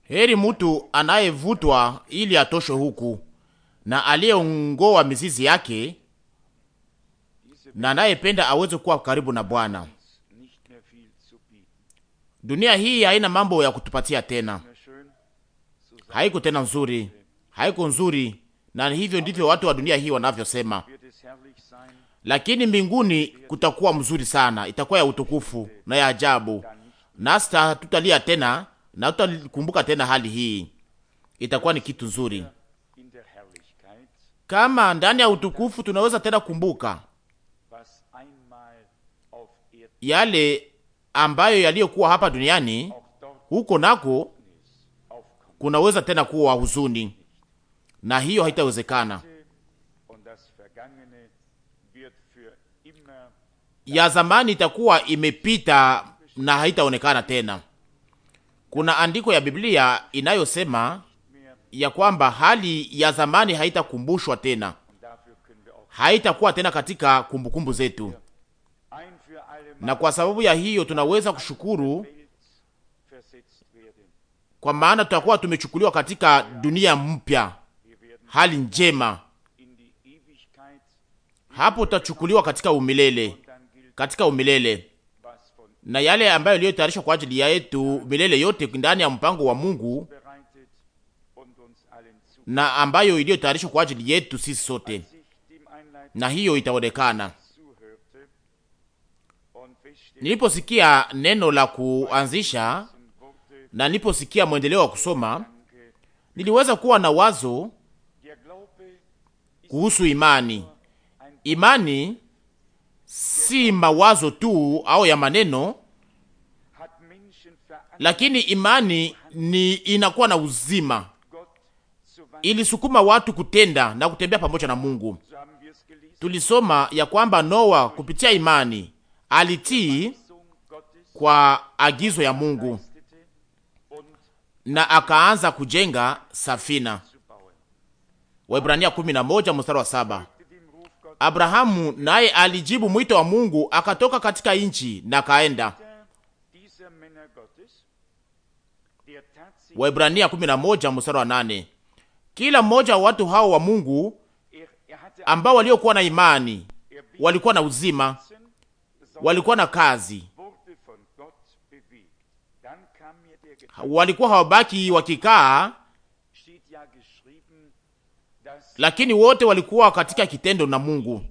Heri mutu anayevutwa ili atoshwe huku, na aliyeongoa mizizi yake, na anayependa aweze kuwa karibu na Bwana. Dunia hii haina mambo ya kutupatia tena, haiko tena nzuri, haiko nzuri, na hivyo ndivyo watu wa dunia hii wanavyosema, lakini mbinguni kutakuwa mzuri sana, itakuwa ya utukufu na ya ajabu, nasi hatutalia tena na tutakumbuka tena hali hii. Itakuwa ni kitu nzuri. Kama ndani ya utukufu tunaweza tena kumbuka yale ambayo yaliyokuwa hapa duniani, huko nako kunaweza tena kuwa huzuni, na hiyo haitawezekana. ya zamani itakuwa imepita na haitaonekana tena. Kuna andiko ya Biblia inayosema ya kwamba hali ya zamani haitakumbushwa tena, haitakuwa tena katika kumbukumbu zetu, na kwa sababu ya hiyo tunaweza kushukuru, kwa maana tutakuwa tumechukuliwa katika dunia mpya, hali njema. Hapo tutachukuliwa katika umilele katika umilele na yale ambayo iliyotayarishwa kwa ajili ya yetu milele yote ndani ya mpango wa Mungu na ambayo iliyotayarishwa kwa ajili yetu sisi sote, na hiyo itaonekana. Niliposikia neno la kuanzisha na niliposikia mwendeleo wa kusoma, niliweza kuwa na wazo kuhusu imani. Imani si mawazo tu au ya maneno, lakini imani ni inakuwa na uzima, ilisukuma watu kutenda na kutembea pamoja na Mungu. Tulisoma ya kwamba Noa kupitia imani alitii kwa agizo ya Mungu na akaanza kujenga safina. Waebrania 11 mstari wa saba. Abrahamu naye alijibu mwito wa Mungu, akatoka katika nchi na kaenda Waebrania 11 mstari wa 8. Kila mmoja wa watu hao wa Mungu ambao waliokuwa na imani walikuwa na uzima, walikuwa na kazi, walikuwa hawabaki wakikaa lakini wote walikuwa katika kitendo na Mungu,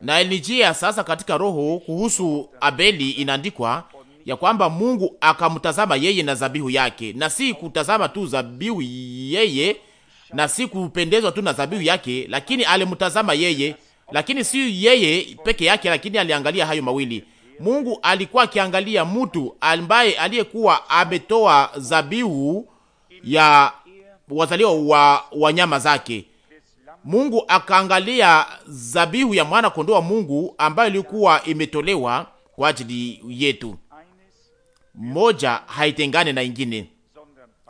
na ilinijia sasa katika roho kuhusu Abeli. Inaandikwa ya kwamba Mungu akamtazama yeye na zabihu yake, na si kutazama tu zabihu yeye na si kupendezwa tu na zabihu yake, lakini alimtazama yeye, lakini si yeye peke yake, lakini aliangalia hayo mawili. Mungu alikuwa akiangalia mtu ambaye aliyekuwa ametoa zabihu ya wazaliwa wa wanyama zake. Mungu akaangalia zabihu ya mwana kondoo wa Mungu ambayo ilikuwa imetolewa kwa ajili yetu. Moja haitengane na ingine,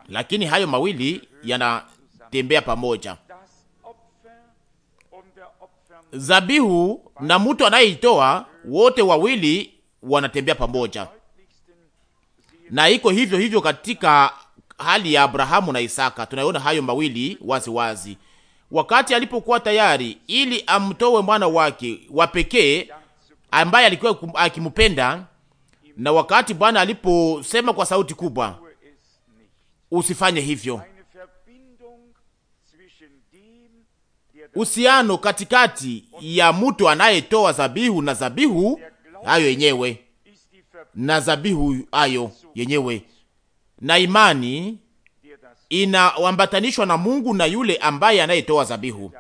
lakini hayo mawili yanatembea pamoja, zabihu na mtu anayeitoa, wote wawili wanatembea pamoja, na iko hivyo hivyo katika hali ya Abrahamu na Isaka. Tunaona hayo mawili wazi wazi, wakati alipokuwa tayari ili amtowe mwana wake wa pekee ambaye alikuwa akimpenda, na wakati Bwana aliposema kwa sauti kubwa, usifanye hivyo. Uhusiano katikati ya mtu anayetoa zabihu na zabihu hayo yenyewe na zabihu hayo yenyewe na imani inaambatanishwa na Mungu na yule ambaye anayetoa zabihu.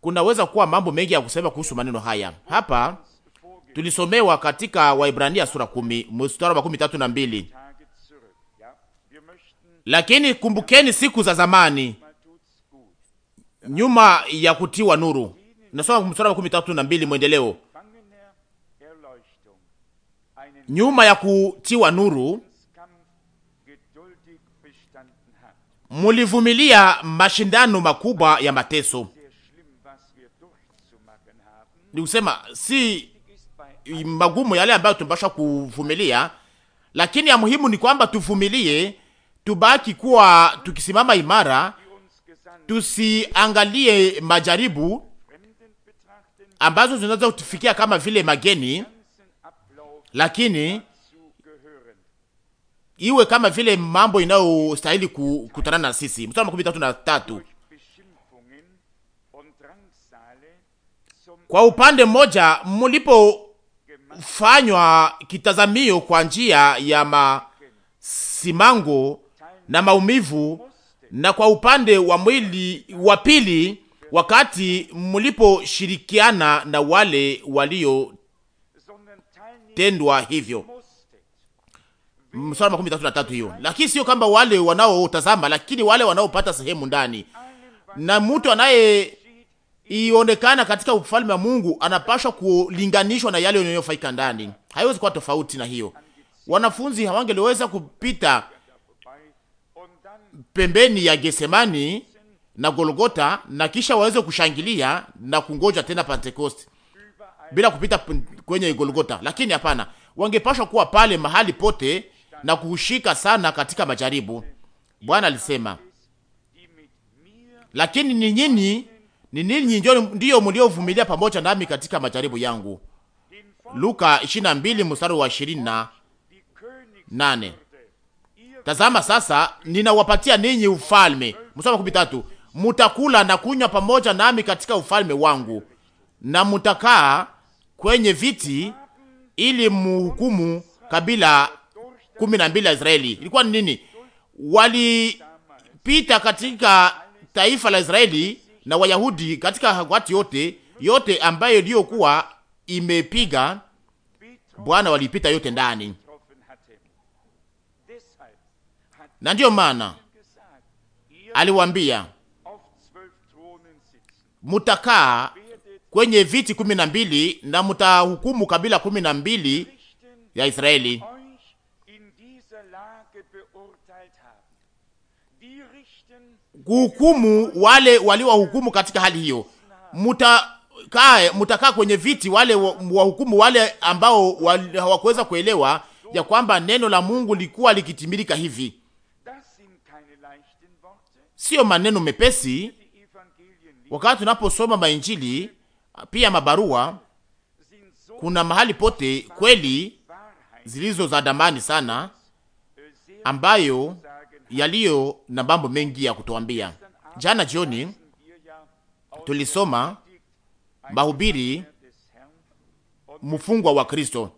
Kunaweza kuwa mambo mengi ya kusema kuhusu maneno haya. Hapa tulisomewa katika Waibrania sura kumi mstari wa tatu na mbili lakini kumbukeni siku za zamani nyuma ya kutiwa nuru. Nasoma mstari wa tatu na mbili mwendeleo, nyuma ya kutiwa nuru mulivumilia mashindano makubwa ya mateso. Ni kusema si magumu yale ambayo tunapaswa kuvumilia, lakini ya muhimu ni kwamba tuvumilie, tubaki kuwa tukisimama imara, tusiangalie majaribu ambazo zinaweza kutufikia kama vile mageni, lakini iwe kama vile mambo inayostahili kukutana na sisi. Mstari makumi tatu na tatu. Kwa upande mmoja mulipofanywa kitazamio kwa njia ya masimango na maumivu, na kwa upande wa mwili wa pili, wakati mliposhirikiana na wale waliotendwa hivyo mstari makumi tatu na tatu hiyo, lakini sio kwamba wale wanaotazama, lakini wale wanaopata sehemu ndani. Na mtu anaye ionekana katika ufalme wa Mungu anapashwa kulinganishwa na yale yanayofanyika ndani, haiwezi kuwa tofauti na hiyo. Wanafunzi hawangeliweza kupita pembeni ya Gesemani na Golgota na kisha waweze kushangilia na kungoja tena Pentecost bila kupita kwenye Golgota, lakini hapana, wangepashwa kuwa pale mahali pote na kuhushika sana katika majaribu. Bwana alisema, lakini ni nyinyi ni ninyi ndiyo mliovumilia pamoja nami katika majaribu yangu. Luka 22 mstari wa 28. Tazama sasa ninawapatia ninyi ufalme. Mstari wa 13. Mutakula na kunywa pamoja nami katika ufalme wangu na mutakaa kwenye viti ili muhukumu kabila kumi na mbili la Israeli ilikuwa ni nini? Walipita katika taifa la Israeli na Wayahudi katika watu yote yote ambayo iliyokuwa imepiga Bwana walipita yote ndani, na ndiyo maana aliwaambia mutakaa kwenye viti kumi na mbili na mutahukumu kabila kumi na mbili ya Israeli. kuhukumu wale waliowahukumu katika hali hiyo. Mutakae, mutakaa kwenye viti wale wahukumu wale ambao hawakuweza kuelewa ya kwamba neno la Mungu likuwa likitimilika hivi. Sio maneno mepesi. Wakati tunaposoma mainjili pia mabarua, kuna mahali pote kweli zilizo za damani sana ambayo yaliyo na mambo mengi ya kutuambia. Jana jioni tulisoma mahubiri mfungwa wa Kristo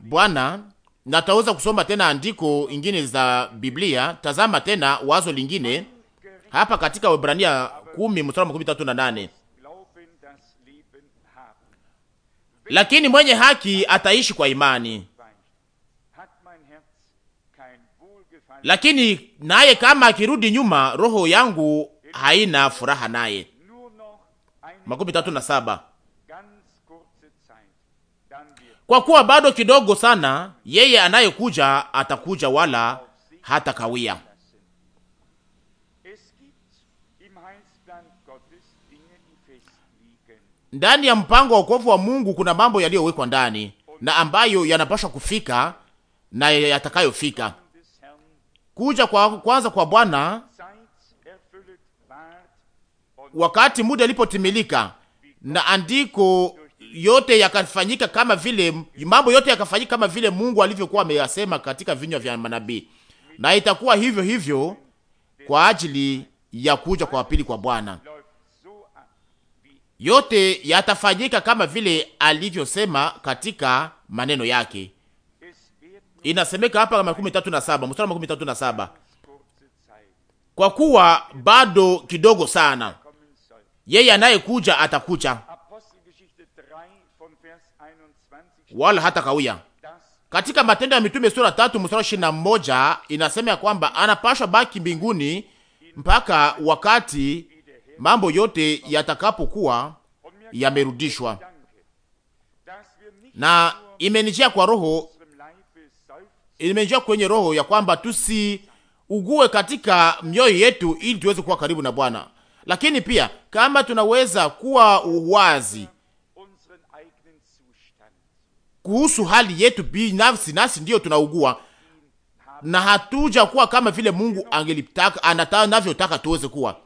Bwana, nataweza kusoma tena andiko ingine za Biblia. Tazama tena wazo lingine hapa katika Waebrania 10 mstari wa 13 na 8, lakini mwenye haki ataishi kwa imani. lakini naye kama akirudi nyuma, roho yangu haina furaha naye. makumi tatu na saba. Kwa kuwa bado kidogo sana, yeye anayekuja atakuja, wala hata kawia. Ndani ya mpango wa wokovu wa Mungu kuna mambo yaliyowekwa ndani na ambayo yanapaswa kufika na yatakayofika kuja kwa kwanza kwa Bwana wakati muda ulipotimilika, na andiko yote yakafanyika kama vile mambo yote yakafanyika kama vile Mungu alivyokuwa ameyasema katika vinywa vya manabii, na itakuwa hivyo hivyo kwa ajili ya kuja kwa pili kwa Bwana. Yote yatafanyika kama vile alivyosema katika maneno yake. Inasemeka hapa makumi tatu na saba mstari makumi tatu na saba kwa kuwa bado kidogo sana yeye anayekuja atakuja, wala hata kauya. Katika Matendo ya Mitume sura tatu mstari ishirini na moja inasema ya kwamba anapashwa baki mbinguni mpaka wakati mambo yote yatakapokuwa yamerudishwa. Na imenijia kwa Roho imeingia kwenye roho ya kwamba tusiugue katika mioyo yetu, ili tuweze kuwa karibu na Bwana. Lakini pia kama tunaweza kuwa uwazi kuhusu hali yetu binafsi, nasi ndiyo tunaugua na hatuja kuwa kama vile Mungu angelitaka anavyotaka tuweze kuwa,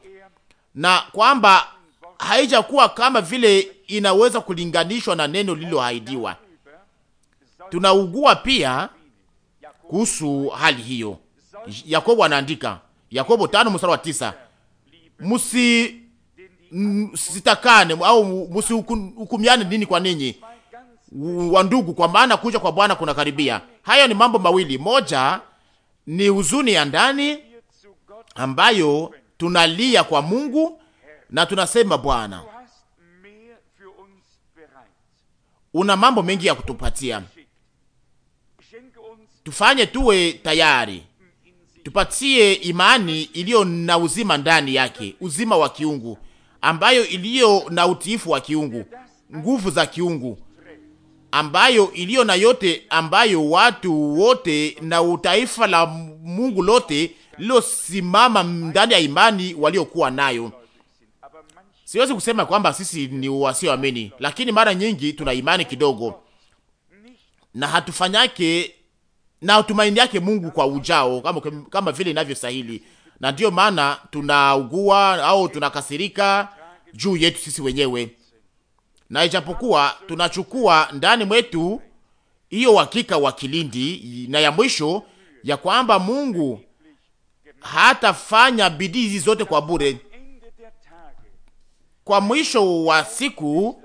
na kwamba haijakuwa kama vile inaweza kulinganishwa na neno lililoahidiwa. Tunaugua pia kuhusu hali hiyo. Yakobo anaandika, Yakobo tano mstari wa tisa, musi sitakane au musihukumiane nini kwa ninyi wa ndugu, kwa maana kuja kwa Bwana kuna karibia. Haya ni mambo mawili, moja ni huzuni ya ndani ambayo tunalia kwa Mungu na tunasema Bwana, una mambo mengi ya kutupatia tufanye tuwe tayari, tupatie imani iliyo na uzima ndani yake, uzima wa kiungu ambayo iliyo na utiifu wa kiungu, nguvu za kiungu ambayo iliyo na yote ambayo watu wote na utaifa la Mungu lote lilosimama ndani ya imani waliokuwa nayo. Siwezi kusema kwamba sisi ni wasioamini, lakini mara nyingi tuna imani kidogo na hatufanyake na tumaini yake Mungu kwa ujao kama, kama vile inavyostahili, na ndiyo maana tunaugua au tunakasirika juu yetu sisi wenyewe, na ijapokuwa tunachukua ndani mwetu hiyo uhakika wa kilindi na ya mwisho ya kwamba Mungu hatafanya bidii hizi zote kwa bure. Kwa mwisho wa siku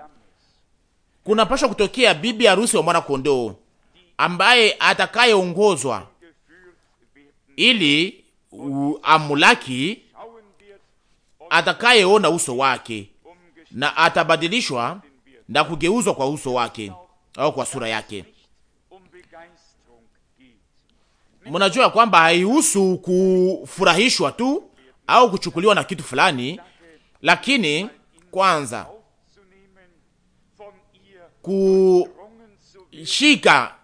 pasha kutokea bibi harusi wa mwana kondoo ambaye atakayeongozwa ili amulaki, atakayeona uso wake na atabadilishwa na kugeuzwa kwa uso wake au kwa sura yake. Mnajua kwamba haihusu kufurahishwa tu au kuchukuliwa na kitu fulani, lakini kwanza kushika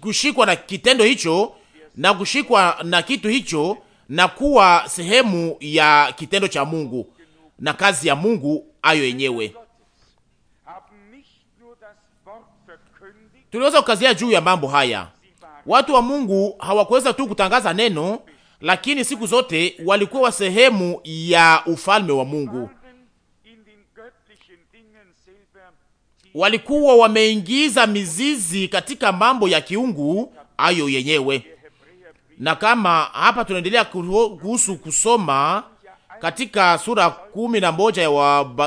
kushikwa na kitendo hicho na kushikwa na kitu hicho na kuwa sehemu ya kitendo cha Mungu na kazi ya Mungu ayo yenyewe. Tuliweza kukazia juu ya mambo haya. Watu wa Mungu hawakuweza tu kutangaza neno, lakini siku zote walikuwa sehemu ya ufalme wa Mungu. walikuwa wameingiza mizizi katika mambo ya kiungu ayo yenyewe. Na kama hapa tunaendelea kuhusu kusoma katika sura kumi na moja ya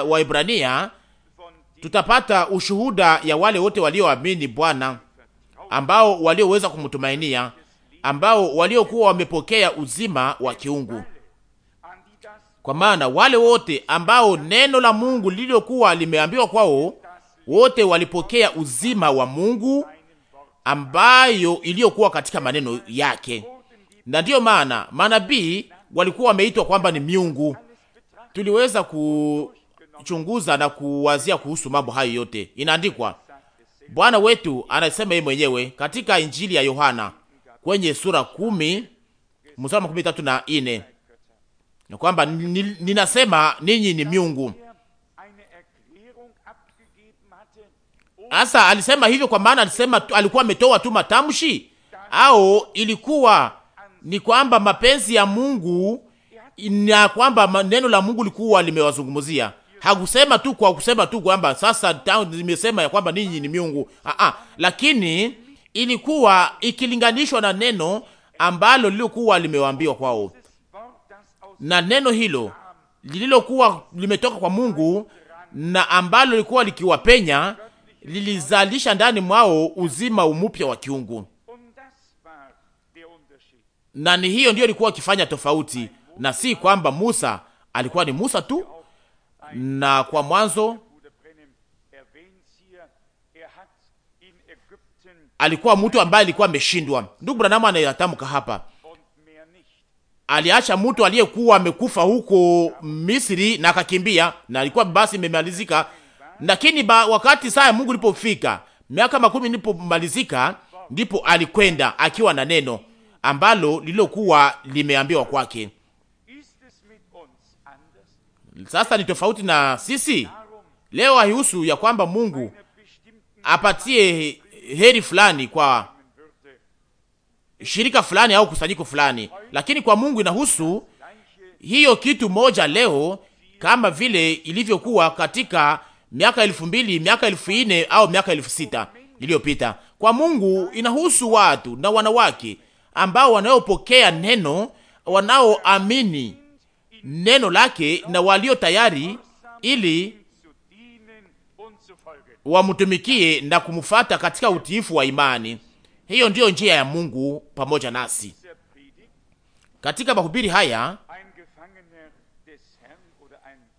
Waibrania wa tutapata ushuhuda ya wale wote walioamini Bwana ambao walioweza kumtumainia ambao waliokuwa wamepokea uzima wa kiungu. Kwa maana wale wote ambao neno la Mungu liliokuwa limeambiwa kwao wote walipokea uzima wa Mungu ambayo iliyokuwa katika maneno yake, na ndiyo maana manabii walikuwa wameitwa kwamba ni miungu. Tuliweza kuchunguza na kuwazia kuhusu mambo hayo yote. Inaandikwa, Bwana wetu anasema yeye mwenyewe katika Injili ya Yohana kwenye sura kumi mstari makumi tatu na ine na kwamba ninasema ninyi ni miungu Asa alisema hivyo kwa maana alisema alikuwa ametoa tu matamshi, au ilikuwa ni kwamba mapenzi ya Mungu na kwamba neno la Mungu likuwa limewazungumzia. Hakusema tu kwa kusema tu kwamba sasa nimesema ya kwamba ninyi ni miungu aa, lakini ilikuwa ikilinganishwa na neno ambalo lilikuwa limewaambiwa kwao, na neno hilo lililokuwa limetoka kwa Mungu na ambalo lilikuwa likiwapenya lilizalisha ndani mwao uzima umupya wa kiungu, na ni hiyo ndiyo ilikuwa ikifanya tofauti, na si kwamba Musa alikuwa ni Musa tu. Na kwa mwanzo alikuwa mtu ambaye alikuwa ameshindwa. Ndugu Branamu anayatamka hapa, aliacha mtu aliyekuwa amekufa huko Misri na akakimbia, na alikuwa basi imemalizika lakini ba, wakati saa ya Mungu ilipofika, miaka makumi ilipomalizika, ndipo alikwenda akiwa na neno ambalo lililokuwa limeambiwa kwake. Sasa ni tofauti na sisi leo, haihusu ya kwamba Mungu apatie heri fulani kwa shirika fulani au kusanyiko fulani, lakini kwa Mungu inahusu hiyo kitu moja leo, kama vile ilivyokuwa katika miaka elfu mbili miaka elfu ine au miaka elfu sita iliyopita. Kwa Mungu inahusu watu na wanawake ambao wanaopokea neno, wanaoamini neno lake na walio tayari ili wamtumikie na kumfata katika utiifu wa imani. Hiyo ndiyo njia ya Mungu pamoja nasi katika mahubiri haya.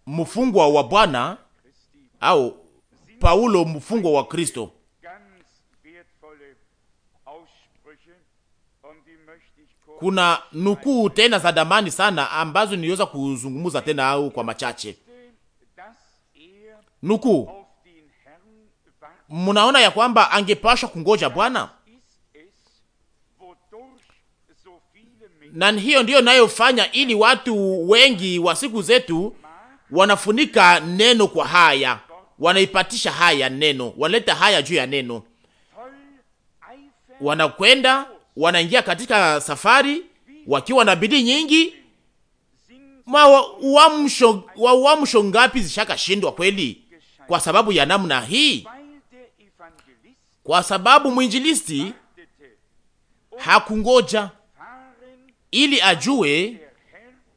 Mfungwa wa Bwana au Paulo mfungwa wa Kristo. Kuna nukuu tena za damani sana ambazo niliweza kuzungumza tena au kwa machache nukuu. Munaona ya kwamba angepashwa kungoja Bwana, na hiyo ndiyo inayofanya ili watu wengi wa siku zetu wanafunika neno kwa haya wanaipatisha haya neno, wanaleta haya juu ya neno, wanakwenda wanaingia katika safari wakiwa na bidii nyingi. Ma uamsho wa uamsho ngapi zishakashindwa kweli, kwa sababu ya namna hii, kwa sababu mwinjilisti hakungoja ili ajue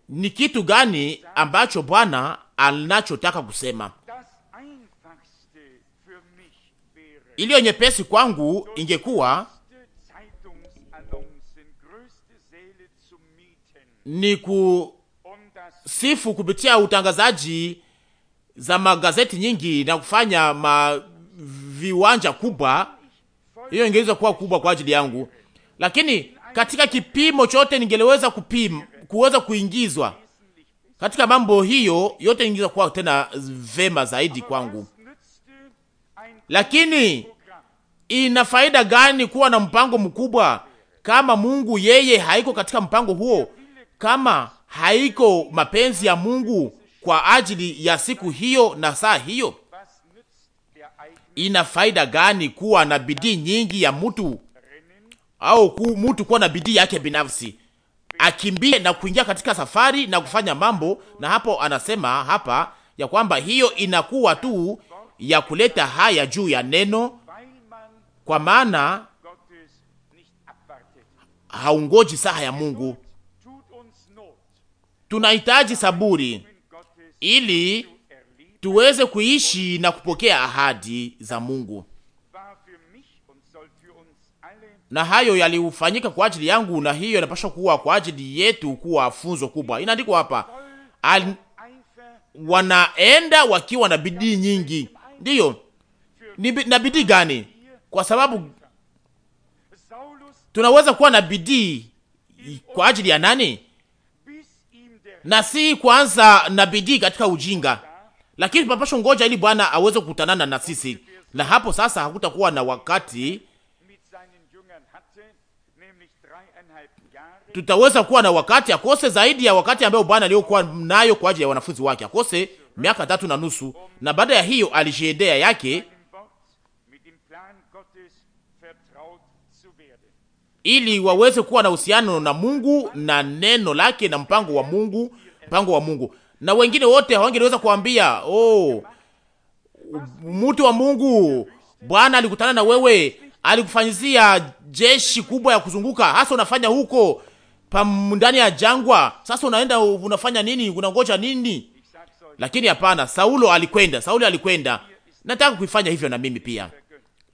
ni kitu gani ambacho Bwana anachotaka kusema iliyo nyepesi kwangu ingekuwa ni kusifu kupitia utangazaji za magazeti nyingi na kufanya ma viwanja kubwa. Hiyo ingeweza kuwa kubwa kwa ajili yangu, lakini katika kipimo chote ningeleweza kupim, kuweza kuingizwa katika mambo hiyo yote, ingeweza kuwa tena vema zaidi kwangu. Lakini ina faida gani kuwa na mpango mkubwa kama Mungu yeye haiko katika mpango huo, kama haiko mapenzi ya Mungu kwa ajili ya siku hiyo na saa hiyo? Ina faida gani kuwa na bidii nyingi ya mtu au ku mtu kuwa na bidii yake binafsi akimbie na kuingia katika safari na kufanya mambo, na hapo anasema hapa ya kwamba hiyo inakuwa tu ya kuleta haya juu ya neno, kwa maana haungoji saha ya Mungu. Tunahitaji saburi ili tuweze kuishi na kupokea ahadi za Mungu, na hayo yaliufanyika kwa ajili yangu, na hiyo inapaswa kuwa kwa ajili yetu kuwa funzo kubwa. Inaandikwa hapa, wanaenda wakiwa na bidii nyingi ndiyo, na bidii gani? Kwa sababu tunaweza kuwa na bidii kwa ajili ya nani? Na si kwanza na bidii katika ujinga, lakini tunapaswa ngoja ili Bwana aweze kukutanana na sisi, na hapo sasa hakutakuwa na wakati tutaweza kuwa na wakati akose zaidi ya wakati ambayo Bwana aliyokuwa nayo kwa ajili ya wanafunzi wake akose miaka tatu na nusu, na baada ya hiyo alijiendea yake ili waweze kuwa na uhusiano na Mungu na neno lake na mpango wa Mungu, mpango wa Mungu. Na wengine wote hawangeweza kuambia oh, mtu wa Mungu, Bwana alikutana na wewe, alikufanyizia jeshi kubwa ya kuzunguka, hasa unafanya huko ndani ya jangwa. Sasa unaenda unafanya nini? Unangoja nini? Lakini hapana, Saulo alikwenda, Saulo alikwenda. Nataka kuifanya hivyo na mimi pia,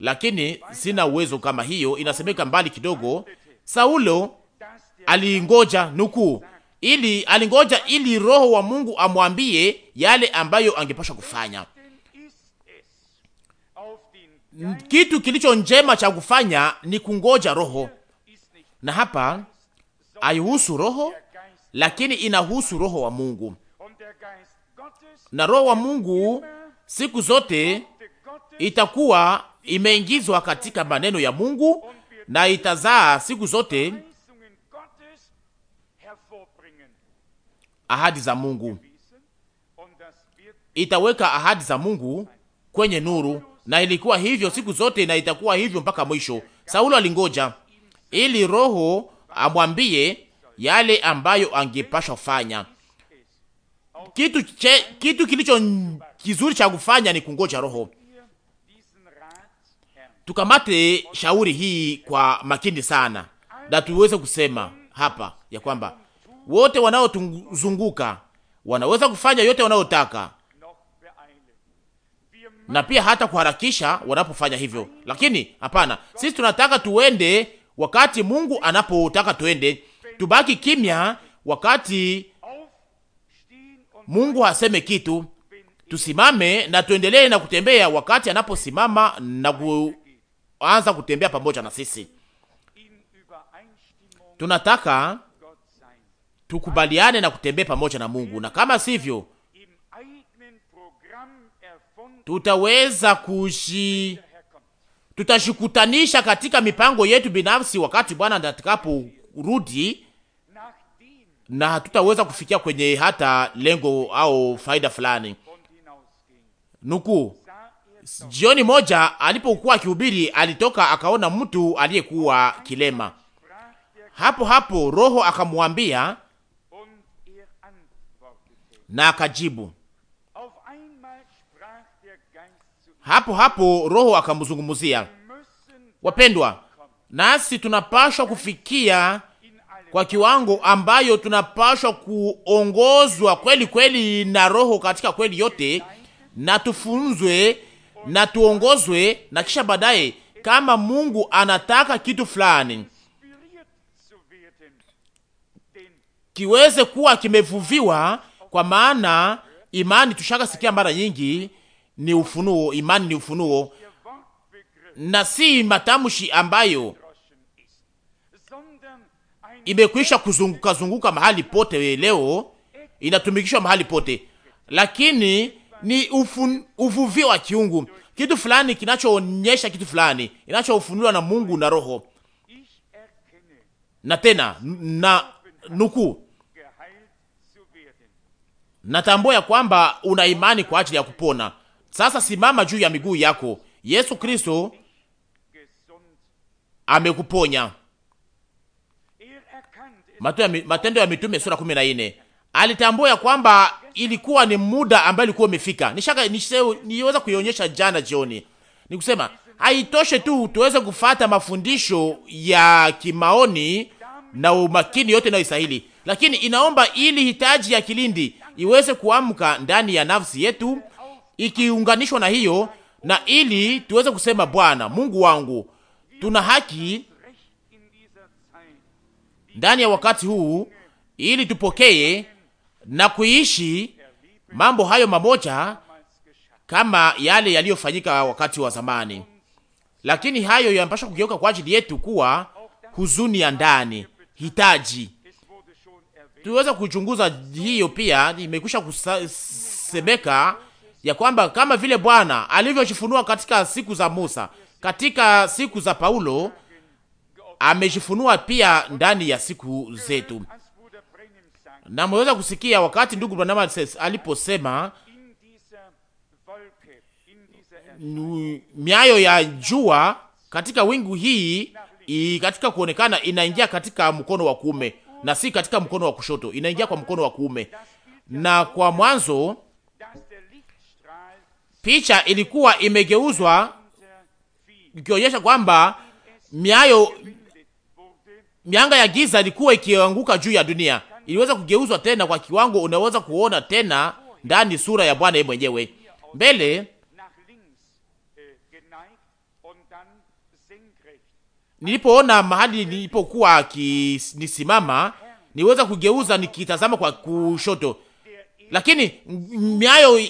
lakini sina uwezo kama hiyo. Inasemeka mbali kidogo, Saulo alingoja nuku ili alingoja ili roho wa Mungu amwambie yale ambayo angepaswa kufanya. Kitu kilicho njema cha kufanya ni kungoja roho, na hapa haihusu roho, lakini inahusu roho wa Mungu na roho wa Mungu siku zote itakuwa imeingizwa katika maneno ya Mungu na itazaa siku zote ahadi za Mungu, itaweka ahadi za Mungu kwenye nuru, na ilikuwa hivyo siku zote na itakuwa hivyo mpaka mwisho. Saulo alingoja ili roho amwambie yale ambayo angepashwa fanya, kitu, che, kitu kilicho kizuri cha kufanya ni kungoja Roho. Tukamate shauri hii kwa makini sana, na tuweze kusema hapa ya kwamba wote wanaotuzunguka wanaweza kufanya yote wanayotaka na pia hata kuharakisha wanapofanya hivyo, lakini hapana, sisi tunataka tuende wakati Mungu anapotaka tuende, tubaki kimya wakati Mungu haseme kitu, tusimame na tuendelee na kutembea wakati anaposimama na kuanza kutembea pamoja na sisi. Tunataka tukubaliane na kutembea pamoja na Mungu, na kama sivyo tutaweza kushi tutashikutanisha katika mipango yetu binafsi wakati Bwana atakaporudi na hatutaweza kufikia kwenye hata lengo au faida fulani. nuku jioni moja alipokuwa akihubiri, alitoka akaona mtu aliyekuwa kilema. Hapo hapo Roho akamwambia na akajibu. Hapo hapo Roho akamzungumzia. Wapendwa, nasi tunapashwa kufikia kwa kiwango ambayo tunapashwa kuongozwa kweli kweli na Roho katika kweli yote, na tufunzwe na tuongozwe, na kisha baadaye kama Mungu anataka kitu fulani kiweze kuwa kimevuviwa, kwa maana imani tushaka sikia mara nyingi ni ufunuo. Imani ni ufunuo na si matamshi ambayo imekwisha kuzunguka zunguka mahali pote, leo inatumikishwa mahali pote, lakini ni ufu, uvuvio wa kiungu, kitu fulani kinachoonyesha kitu fulani inachofunuliwa na Mungu na Roho. Na tena na nuku, natambua ya kwamba una imani kwa ajili ya kupona. Sasa simama juu ya miguu yako. Yesu Kristo amekuponya. Matendo ya Mitume sura kumi na nne alitambua ya kwamba ilikuwa ni muda ambayo ilikuwa imefika. Nishaka niweza kuionyesha jana jioni, kusema haitoshe tu tuweze kufata mafundisho ya kimaoni na umakini yote inayostahili, lakini inaomba ili hitaji ya kilindi iweze kuamka ndani ya nafsi yetu ikiunganishwa na hiyo, na ili tuweze kusema Bwana Mungu wangu, tuna haki ndani ya wakati huu, ili tupokee na kuishi mambo hayo mamoja kama yale yaliyofanyika wakati wa zamani. Lakini hayo yanapaswa kugeuka kwa ajili yetu kuwa huzuni ya ndani, hitaji. tuweza kuchunguza hiyo pia, imekwisha kusemeka ya kwamba kama vile Bwana alivyojifunua katika siku za Musa, katika siku za Paulo amejifunua pia ndani ya siku zetu, na mweza kusikia wakati ndugu Branham aliposema miayo ya jua katika wingu hii i, katika kuonekana inaingia katika mkono wa kuume na si katika mkono wa kushoto, inaingia kwa mkono wa kuume. Na kwa mwanzo picha ilikuwa imegeuzwa ikionyesha kwamba miayo mianga ya giza ilikuwa ikianguka juu ya dunia, iliweza kugeuzwa tena kwa kiwango unaweza kuona tena ndani sura ya Bwana yeye mwenyewe mbele Nilipoona mahali nilipokuwa nisimama niweza kugeuza nikitazama kwa kushoto, lakini miayo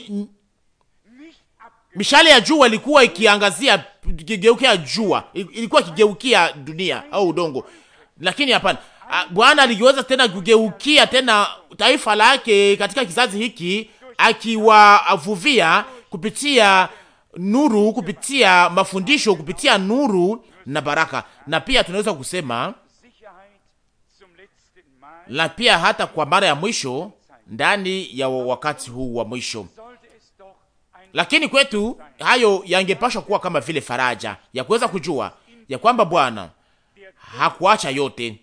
mishale ya jua ilikuwa ikiangazia, ikigeukia jua, ilikuwa ikigeukia dunia au udongo, lakini hapana, ah, Bwana aliweza tena kugeukia tena taifa lake katika kizazi hiki, akiwavuvia kupitia nuru, kupitia mafundisho, kupitia nuru na baraka. Na pia tunaweza kusema na pia hata kwa mara ya mwisho ndani ya wakati huu wa mwisho. Lakini kwetu hayo yangepashwa kuwa kama vile faraja ya kuweza kujua ya kwamba Bwana hakuacha yote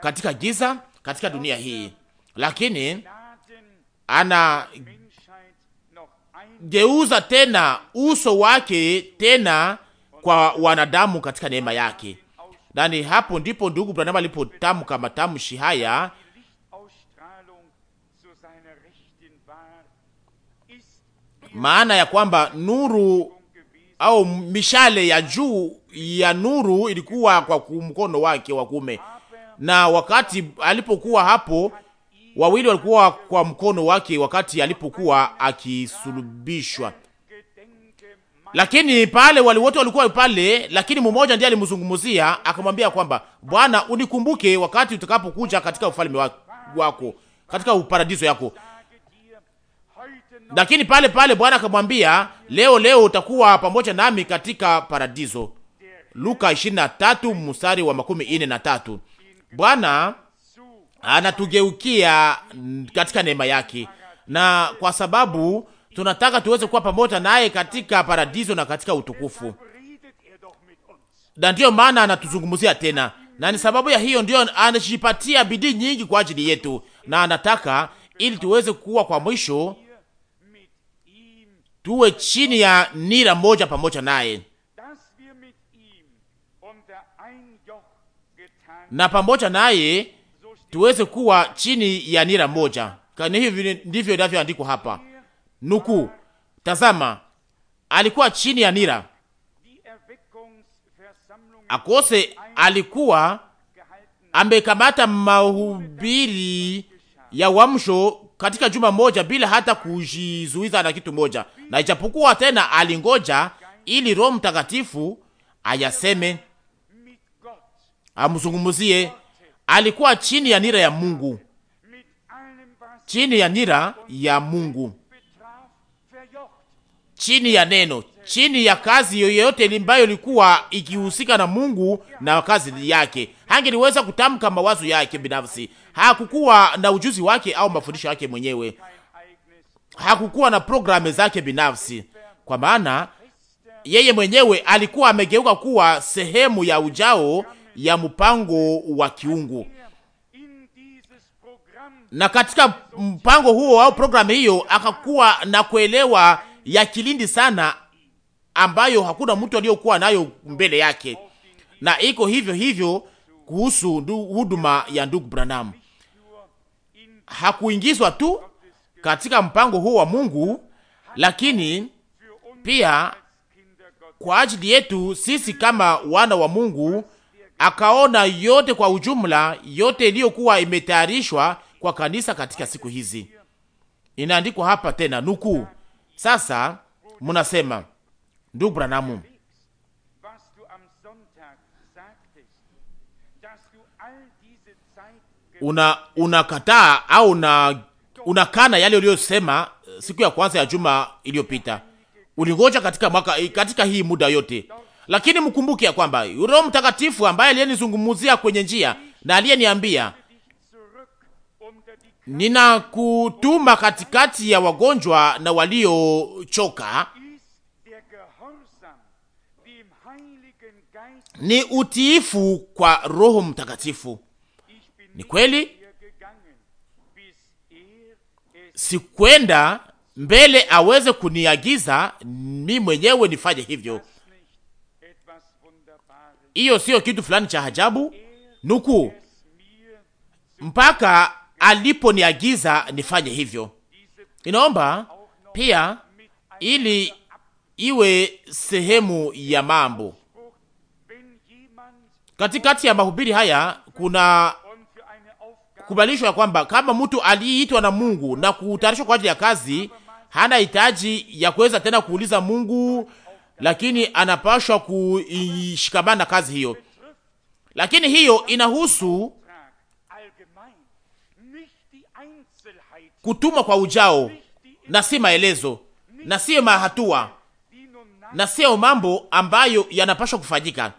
katika giza katika dunia hii, lakini anageuza tena uso wake tena kwa wanadamu katika neema yake. Nani hapo ndipo ndugu Branham alipotamka matamshi haya maana ya kwamba nuru au mishale ya juu ya nuru ilikuwa kwa mkono wake wa kume, na wakati alipokuwa hapo wawili walikuwa kwa mkono wake wakati alipokuwa akisulubishwa. Lakini pale wale wote walikuwa pale, lakini mmoja ndiye alimzungumzia akamwambia kwamba Bwana, unikumbuke wakati utakapokuja katika ufalme wako, katika uparadiso yako. Lakini pale pale Bwana akamwambia, leo leo utakuwa pamoja nami katika paradiso. Luka 23 mstari wa makumi ine na tatu. Bwana anatugeukia katika neema yake, na kwa sababu tunataka tuweze kuwa pamoja naye katika paradiso na katika utukufu, na ndiyo maana anatuzungumzia tena, na ni sababu ya hiyo ndiyo anajipatia bidii nyingi kwa ajili yetu, na anataka ili tuweze kuwa kwa mwisho tuwe chini ya nira moja pamoja naye um na pamoja naye tuweze kuwa chini ya nira moja. Kani hivi ndivyo inavyoandikwa hapa nuku, um tazama, alikuwa chini ya nira akose, alikuwa amekamata mahubiri ya wamsho katika juma moja bila hata kujizuiza na kitu moja, na ijapokuwa tena alingoja ili Roho Mtakatifu ayaseme amzungumzie. Alikuwa chini ya nira ya Mungu, chini ya nira ya Mungu, chini ya neno, chini ya kazi yoyote ambayo ilikuwa ikihusika na Mungu na kazi yake. Hangeliweza kutamka mawazo yake binafsi, hakukuwa na ujuzi wake au mafundisho yake mwenyewe, hakukuwa na programu zake binafsi, kwa maana yeye mwenyewe alikuwa amegeuka kuwa sehemu ya ujao ya mpango wa kiungu na katika mpango huo au programu hiyo akakuwa na kuelewa ya kilindi sana ambayo hakuna mtu aliyokuwa nayo mbele yake, na iko hivyo hivyo kuhusu huduma ya ndugu Branham. Hakuingizwa tu katika mpango huo wa Mungu, lakini pia kwa ajili yetu sisi kama wana wa Mungu, akaona yote kwa ujumla, yote iliyokuwa imetayarishwa kwa kanisa katika siku hizi. Inaandikwa hapa tena nukuu, sasa mnasema Ndugu Branamu, una unakataa au una unakana yale uliyosema eh, siku ya kwanza ya juma iliyopita. Ulingoja katika mwaka eh, katika hii muda yote, lakini mkumbuke ya kwamba Roho Mtakatifu ambaye aliyenizungumzia kwenye njia na aliyeniambia ninakutuma katikati ya wagonjwa na waliochoka ni utiifu kwa Roho Mtakatifu. Ni kweli sikwenda mbele aweze kuniagiza mi mwenyewe nifanye hivyo. Hiyo siyo kitu fulani cha ajabu nuku, mpaka aliponiagiza nifanye hivyo. Inaomba pia ili iwe sehemu ya mambo katikati ya mahubiri haya. Kuna kubalishwa ya kwamba kama mtu aliyeitwa na Mungu na kutayarishwa kwa ajili ya kazi, hana hitaji ya kuweza tena kuuliza Mungu, lakini anapashwa kuishikamana na kazi hiyo. Lakini hiyo inahusu kutumwa kwa ujao na si maelezo na siyo mahatua na sio mambo ambayo yanapaswa kufanyika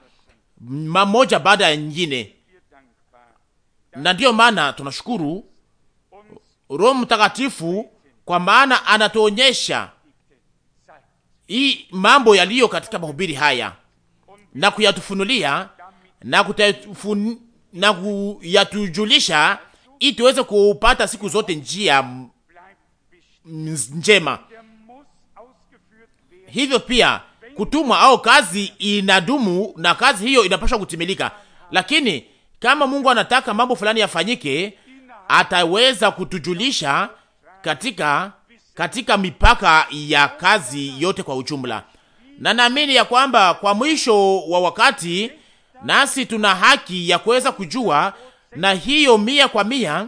mamoja baada ya nyingine, na ndiyo maana tunashukuru Roho Mtakatifu kwa maana anatuonyesha hii mambo yaliyo katika mahubiri haya na kuyatufunulia na kutafun, na kuyatujulisha ili tuweze kupata siku zote njia njema hivyo pia kutumwa au kazi inadumu na kazi hiyo inapaswa kutimilika. Lakini kama Mungu anataka mambo fulani yafanyike, ataweza kutujulisha katika katika mipaka ya kazi yote kwa ujumla, na naamini ya kwamba kwa mwisho wa wakati nasi tuna haki ya kuweza kujua na hiyo mia kwa mia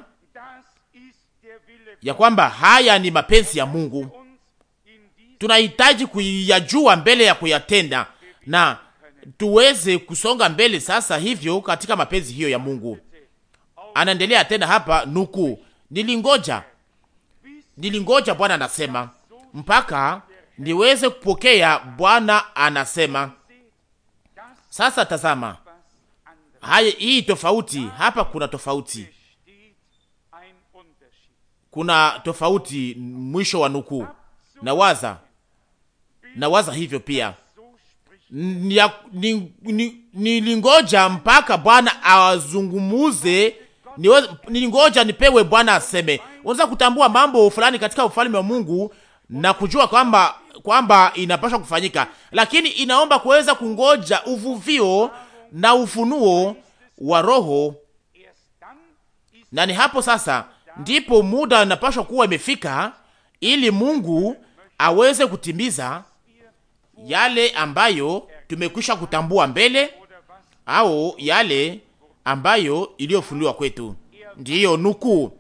ya kwamba haya ni mapenzi ya Mungu tunahitaji kuyajua mbele ya kuyatenda na tuweze kusonga mbele sasa hivyo katika mapenzi hiyo ya Mungu. Anaendelea tena hapa nuku, nilingoja nilingoja, Bwana anasema mpaka niweze kupokea. Bwana anasema sasa. Tazama haya, hii tofauti hapa, kuna tofauti, kuna tofauti. Mwisho wa nukuu, na waza nawaza hivyo pia nilingoja ni, ni mpaka Bwana azungumuze, nilingoja nipewe Bwana aseme. Unaweza kutambua mambo fulani katika ufalme wa Mungu na kujua kwamba kwamba inapaswa kufanyika, lakini inaomba kuweza kungoja uvuvio na ufunuo wa Roho, na ni hapo sasa ndipo muda inapaswa kuwa imefika ili Mungu aweze kutimiza yale ambayo tumekwisha kutambua mbele au yale ambayo iliyofunuliwa kwetu. Ndiyo nukuu,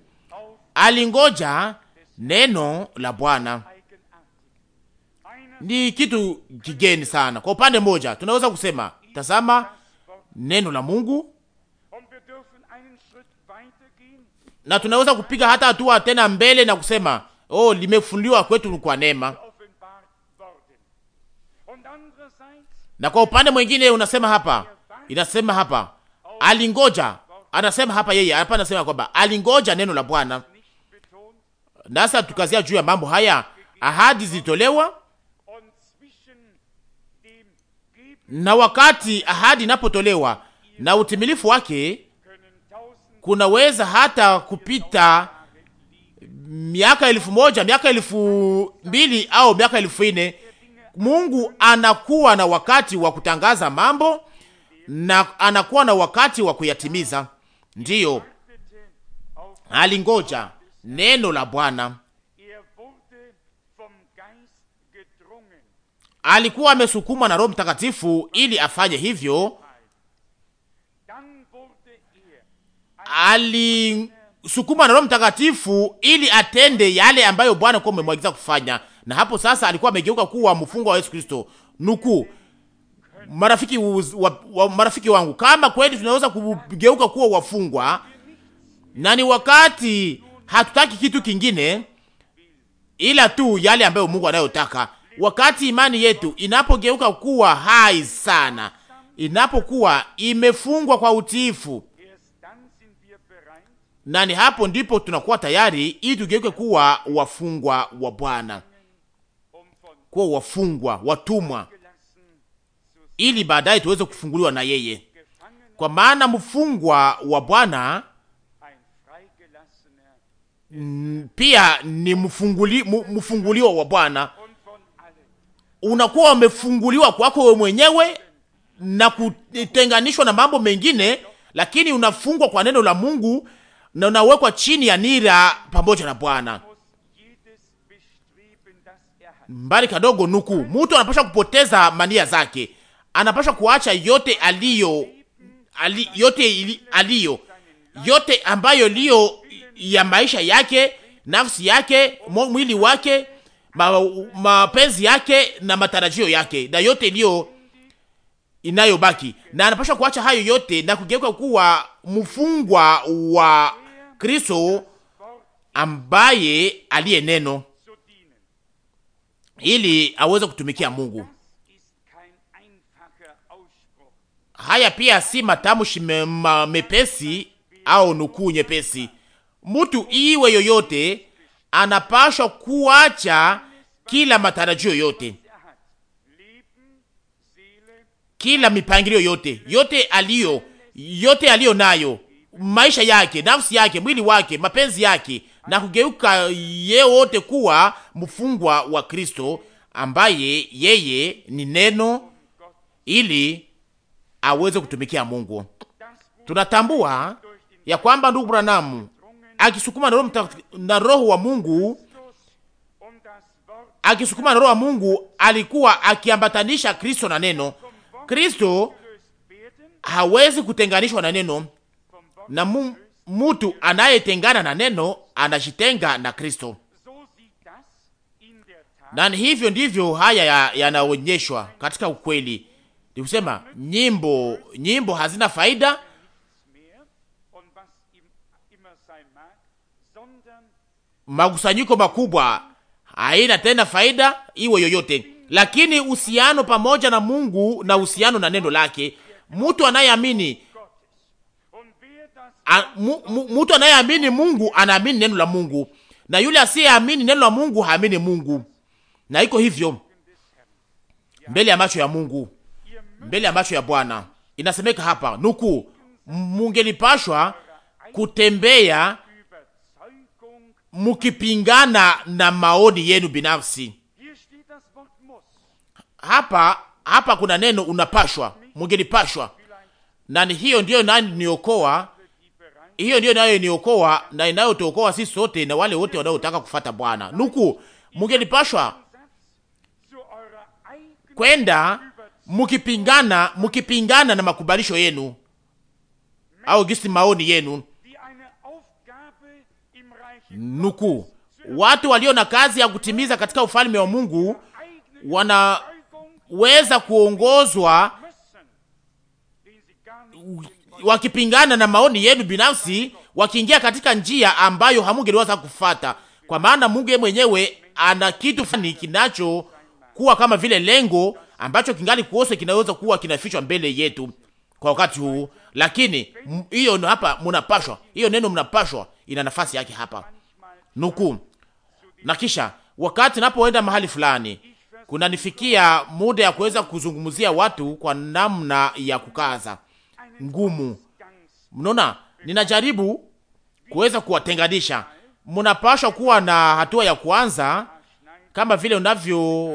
alingoja neno la Bwana. Ni kitu kigeni sana. Kwa upande mmoja, tunaweza kusema tazama, neno la Mungu, na tunaweza kupiga hata hatua tena mbele na kusema oh, limefunuliwa kwetu kwa neema Na kwa upande mwingine unasema hapa, inasema hapa alingoja, anasema hapa yeye hapa, anasema kwamba alingoja neno la Bwana. Nasa tukazia juu ya mambo haya, ahadi zilitolewa, na wakati ahadi inapotolewa na utimilifu wake kunaweza hata kupita miaka elfu moja miaka elfu mbili au miaka elfu nne Mungu anakuwa na wakati wa kutangaza mambo na anakuwa na wakati wa kuyatimiza. Ndiyo alingoja neno la Bwana, alikuwa amesukumwa na Roho Mtakatifu ili afanye hivyo ali sukuma na Roho Mtakatifu ili atende yale ambayo Bwana kwa umemwagiza kufanya, na hapo sasa alikuwa amegeuka kuwa mfungwa wa Yesu Kristo. nuku marafiki, wa, wa, marafiki wangu, kama kweli tunaweza kugeuka kuwa wafungwa, na ni wakati hatutaki kitu kingine ila tu yale ambayo Mungu anayotaka. Wakati imani yetu inapogeuka kuwa hai sana, inapokuwa imefungwa kwa utiifu na ni hapo ndipo tunakuwa tayari ili tugeuke kuwa wafungwa wa Bwana, kuwa wafungwa watumwa, ili baadaye tuweze kufunguliwa na yeye, kwa maana mfungwa wa Bwana pia ni mfunguli, mfunguliwa wa Bwana. Unakuwa umefunguliwa kwako wewe mwenyewe na kutenganishwa na mambo mengine, lakini unafungwa kwa neno la Mungu na unawekwa chini ya nira pamoja na Bwana. Mbali kadogo nuku, mtu anapasha kupoteza mania zake, anapasha kuacha yote aliyo ali, yote ili, aliyo yote ambayo liyo ya maisha yake, nafsi yake, mwili wake, mapenzi yake na matarajio yake na yote iliyo inayobaki, na anapasha kuacha hayo yote na kugeuka kuwa mfungwa wa Kristo ambaye aliye neno ili aweze kutumikia Mungu. Haya pia si matamshi mepesi au nukuu nyepesi. Mtu iwe yoyote anapashwa kuacha kila matarajio yote, kila mipangilio yote, yote aliyo yote aliyo nayo maisha yake, nafsi yake, mwili wake, mapenzi yake, na kugeuka yeye wote kuwa mfungwa wa Kristo, ambaye yeye ni neno, ili aweze kutumikia Mungu. Tunatambua ya kwamba ndugu Branamu akisukuma na roho, na roho wa Mungu akisukuma na roho wa Mungu alikuwa akiambatanisha Kristo na neno. Kristo hawezi kutenganishwa na neno na mu, mutu anayetengana na neno anajitenga na Kristo, na hivyo ndivyo haya yanaonyeshwa ya katika ukweli. Ni kusema nyimbo, nyimbo hazina faida makusanyiko makubwa haina tena faida iwe yoyote, lakini uhusiano pamoja na Mungu na uhusiano na neno lake, mtu anayeamini mtu anayeamini Mungu anaamini neno la Mungu, na yule asiyeamini neno la Mungu haamini Mungu, na iko hivyo mbele ya macho ya Mungu, mbele ya macho ya Bwana. Inasemeka hapa nuku, mungelipashwa kutembea mukipingana na maoni yenu binafsi. Hapa hapa kuna neno unapashwa, mungelipashwa, na hiyo ndiyo nani niokoa hiyo ndiyo nayo iniokoa na inayotuokoa sisi sote na wale wote wanaotaka kufata Bwana. Nuku mungelipashwa kwenda mukipingana, mukipingana na makubalisho yenu au gisi maoni yenu. Nuku watu walio na kazi ya kutimiza katika ufalme wa Mungu wanaweza kuongozwa wakipingana na maoni yenu binafsi, wakiingia katika njia ambayo hamungeliweza kufata, kwa maana Mungu yeye mwenyewe ana kitu fulani kinacho kuwa kama vile lengo ambacho kingali kuose kinaweza kuwa kinafichwa mbele yetu kwa wakati huu, lakini hiyo ndio hapa mnapashwa, hiyo neno mnapashwa ina nafasi yake hapa nuku. Na kisha wakati napoenda mahali fulani, kunanifikia muda ya kuweza kuzungumzia watu kwa namna ya kukaza ngumu. Mnaona, ninajaribu kuweza kuwatenganisha. Mnapashwa kuwa na hatua ya kwanza kama vile unavyo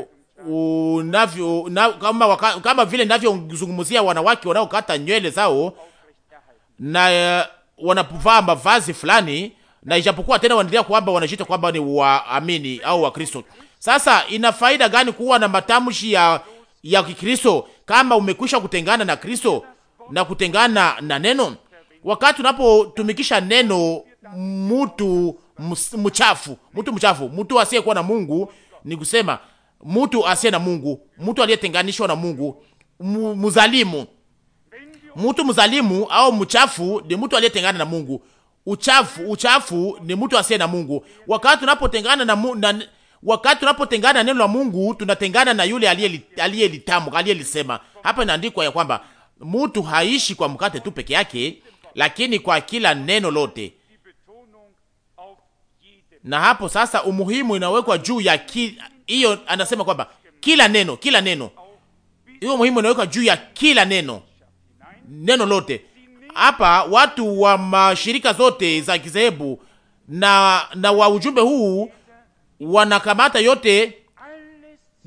unavyo na, kama, waka, kama vile ninavyozungumzia wanawake wanaokata nywele zao na uh, mavazi fulani, na ijapokuwa tena wanaendelea kwamba wanajiita kwamba ni waamini au Wakristo. Sasa ina faida gani kuwa na matamshi ya ya Kikristo kama umekwisha kutengana na Kristo? na kutengana na neno. Wakati unapotumikisha neno mtu mchafu, mtu mchafu, mtu asiyekuwa na Mungu, ni kusema mtu asiye na Mungu, mtu aliyetenganishwa na Mungu, mzalimu. Mtu mzalimu au mchafu ni mtu aliyetengana na Mungu. Uchafu, uchafu ni mtu asiye na Mungu. Wakati unapotengana na, na wakati tunapotengana neno la Mungu tunatengana na yule aliyelitamka aliyelisema. Hapa inaandikwa ya kwamba mutu haishi kwa mkate tu peke yake, lakini kwa kila neno lote. Na hapo sasa umuhimu inawekwa juu ya hiyo ki... anasema kwamba kila neno, kila neno, hiyo muhimu inawekwa juu ya kila neno, neno lote. Hapa watu wa mashirika zote za kizehebu na na wa ujumbe huu wanakamata yote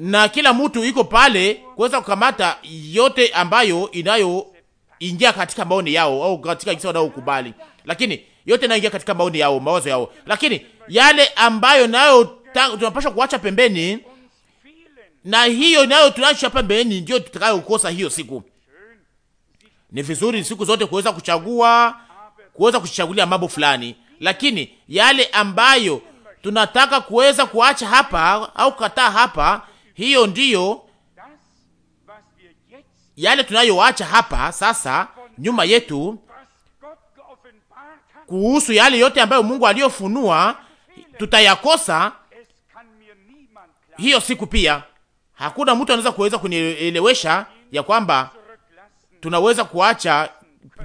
na kila mtu iko pale kuweza kukamata yote ambayo inayoingia katika maoni yao au katika jinsi wanaokubali, lakini yote inayoingia katika maoni yao, mawazo yao, lakini yale ambayo nayo tunapaswa kuacha pembeni na hiyo nayo tunaacha pembeni, ndio tutakayokosa hiyo siku. Ni vizuri siku zote kuweza kuchagua, kuweza kuchagulia mambo fulani, lakini yale ambayo tunataka kuweza kuacha hapa au kukataa hapa hiyo ndiyo yale tunayoacha hapa sasa nyuma yetu kuhusu yale yote ambayo Mungu aliyofunua tutayakosa hiyo siku pia. Hakuna mtu anaweza kuweza kunielewesha ya kwamba tunaweza kuacha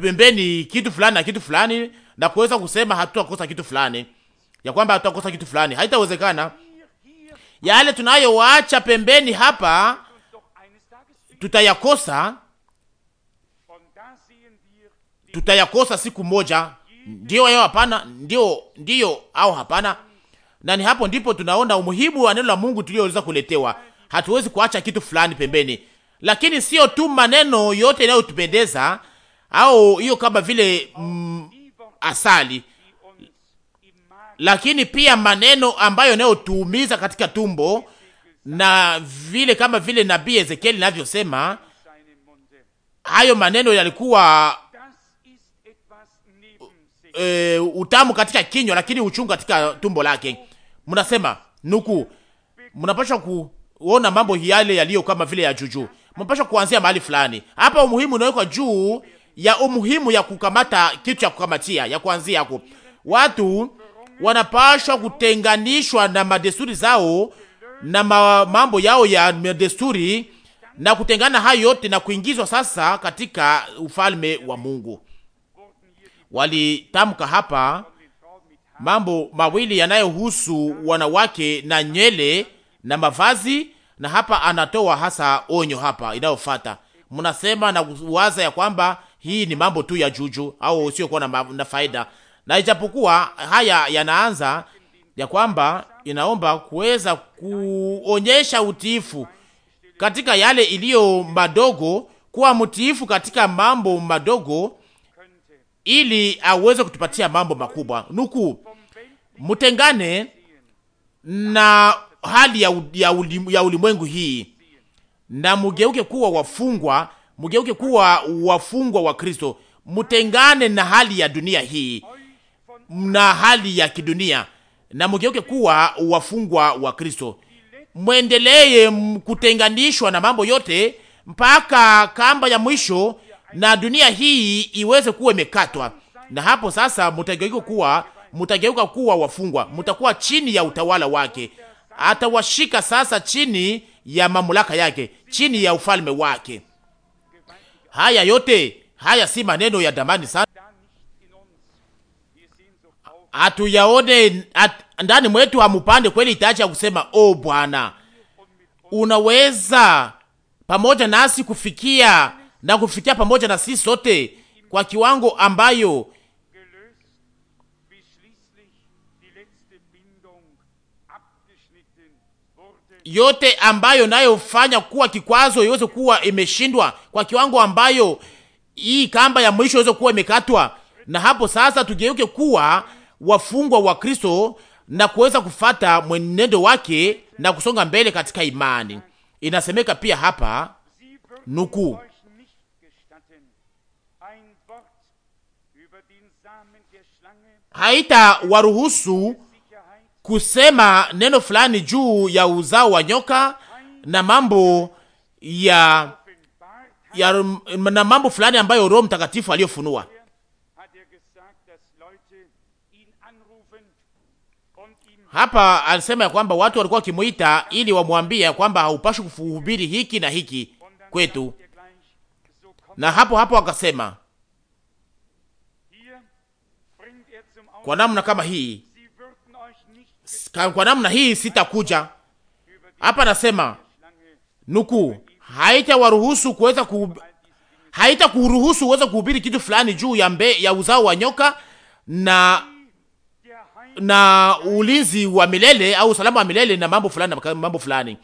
pembeni kitu fulani na kitu fulani na kuweza kusema hatutakosa kitu fulani, ya kwamba hatutakosa kitu fulani. Haitawezekana yale tunayowaacha pembeni hapa tutayakosa, tutayakosa siku moja. Ndio au hapana? Ndio, ndio au hapana? Na ni hapo ndipo tunaona umuhimu wa neno la Mungu tulioweza kuletewa. Hatuwezi kuacha kitu fulani pembeni, lakini sio tu maneno yote yanayotupendeza au hiyo kama vile mm, asali lakini pia maneno ambayo yanayotuumiza katika tumbo, na vile kama vile nabii Ezekieli navyosema hayo maneno yalikuwa e, utamu katika kinywa, lakini uchungu katika tumbo lake. Mnasema nuku, mnapasha kuona mambo yale yaliyo kama vile ya juju, mnapasha kuanzia mahali fulani. Hapa umuhimu unawekwa juu ya umuhimu ya kukamata kitu cha kukamatia ya kuanzia hapo. Watu wanapashwa kutenganishwa na madesturi zao na ma mambo yao ya madesturi na kutengana hayo yote na kuingizwa sasa katika ufalme wa Mungu. Walitamka hapa mambo mawili yanayohusu wanawake na nywele na mavazi, na hapa anatoa hasa onyo hapa inayofuata. Mnasema na kuwaza ya kwamba hii ni mambo tu ya juju au sio na, na faida na ijapokuwa haya yanaanza ya kwamba inaomba kuweza kuonyesha utiifu katika yale iliyo madogo, kuwa mtiifu katika mambo madogo, ili aweze kutupatia mambo makubwa. Nuku mtengane na hali ya, ya, ulim, ya ulimwengu hii na mugeuke kuwa wafungwa, mugeuke kuwa wafungwa wa Kristo. Mutengane na hali ya dunia hii, mna hali ya kidunia na mgeuke kuwa wafungwa wa Kristo. Mwendelee kutenganishwa na mambo yote mpaka kamba ya mwisho na dunia hii iweze kuwa imekatwa, na hapo sasa mtageuka kuwa mtageuka kuwa wafungwa, mtakuwa chini ya utawala wake. Atawashika sasa chini ya mamlaka yake, chini ya ufalme wake. Haya yote haya si maneno ya damani sana, hatuyaone at, ndani mwetu amupande kweli itaacha kusema o oh, Bwana unaweza pamoja nasi kufikia na kufikia pamoja na sisi sote kwa kiwango ambayo yote ambayo nayofanya kuwa kikwazo iweze kuwa imeshindwa, kwa kiwango ambayo hii kamba ya mwisho iweze kuwa imekatwa. Na hapo sasa tugeuke kuwa wafungwa wa Kristo na kuweza kufata mwenendo wake na kusonga mbele katika imani. Inasemeka pia hapa nuku haita waruhusu kusema neno fulani juu ya uzao wa nyoka na mambo ya, ya na mambo fulani ambayo Roho Mtakatifu aliyofunua Hapa alisema ya kwamba watu walikuwa wakimwita ili wamwambia kwamba haupashi kuhubiri hiki na hiki kwetu, na hapo hapo akasema kwa namna kama hii, kwa namna hii sitakuja hapa. anasema nuku haitawaruhusu kuweza ku, haitakuruhusu uweze kuhubiri kitu fulani juu ya mbe, ya uzao wa nyoka na na ulinzi wa milele au usalama wa milele na mambo fulani na mambo fulani.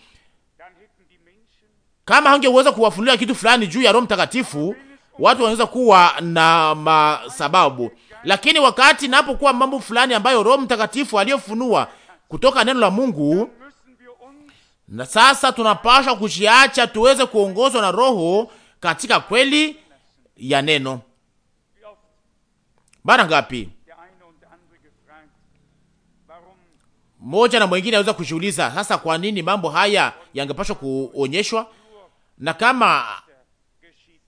Kama hangeweza kuwafunulia kitu fulani juu ya Roho Mtakatifu, watu wanaweza kuwa na masababu, lakini wakati napokuwa mambo fulani ambayo Roho Mtakatifu aliyofunua kutoka neno la Mungu, na sasa tunapashwa kujiacha tuweze kuongozwa na Roho katika kweli ya neno. Mara ngapi Moja na mwingine anaweza kujiuliza sasa, kwa nini mambo haya yangepashwa kuonyeshwa, na kama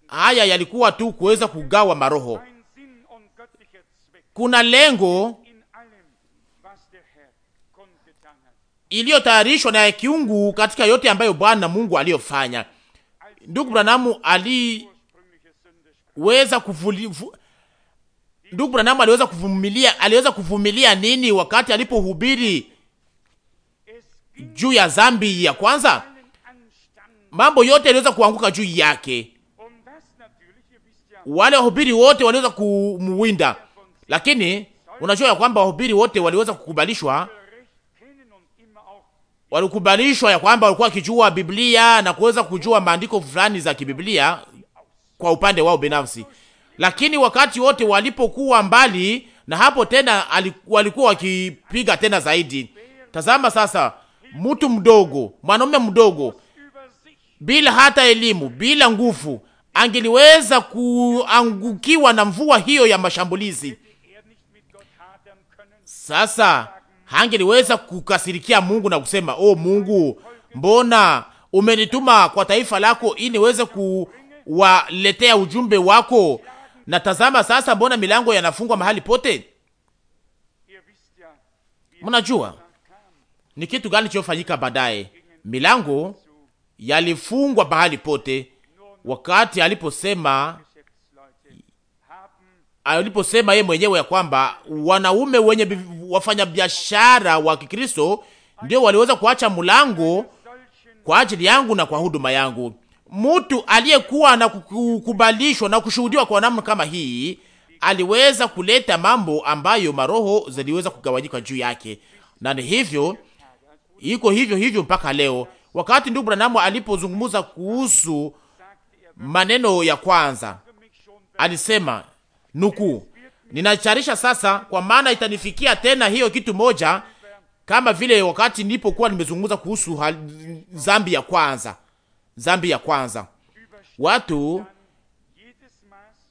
haya yalikuwa tu kuweza kugawa maroho. Kuna lengo iliyotayarishwa na ya kiungu katika yote ambayo Bwana Mungu aliyofanya. Ndugu Branamu aliweza kuvuli Ndugu Branamu aliweza kuvumilia, aliweza kuvumilia nini wakati alipohubiri juu ya zambi ya kwanza, mambo yote yaliweza kuanguka juu yake. Wale wahubiri wote waliweza kumwinda, lakini unajua ya kwamba wahubiri wote waliweza kukubalishwa, walikubalishwa ya kwamba walikuwa wakijua Biblia na kuweza kujua maandiko fulani za kibiblia kwa upande wao binafsi, lakini wakati wote walipokuwa mbali na hapo tena, walikuwa wakipiga tena zaidi. Tazama sasa mtu mdogo, mwanaume mdogo, bila hata elimu, bila nguvu, angeliweza kuangukiwa na mvua hiyo ya mashambulizi. Sasa hangeliweza kukasirikia Mungu na kusema oh, Mungu, mbona umenituma kwa taifa lako ili niweze kuwaletea ujumbe wako, na tazama sasa, mbona milango yanafungwa mahali pote? Mnajua ni kitu gani chofanyika baadaye? Milango yalifungwa bahali pote, wakati aliposema aliposema yeye mwenyewe ya kwamba wanaume wenye wafanya biashara wa Kikristo ndio waliweza kuacha mlango kwa ajili yangu na kwa huduma yangu. Mtu aliyekuwa na kukubalishwa na kushuhudiwa kwa namna kama hii aliweza kuleta mambo ambayo maroho ziliweza kugawanyika juu yake, na ni hivyo iko hivyo hivyo mpaka leo. Wakati ndugu Branham alipozungumza kuhusu maneno ya kwanza, alisema nukuu, ninacharisha sasa, kwa maana itanifikia tena hiyo kitu moja kama vile wakati nilipokuwa nimezungumza kuhusu zambi ya kwanza. Zambi ya kwanza, watu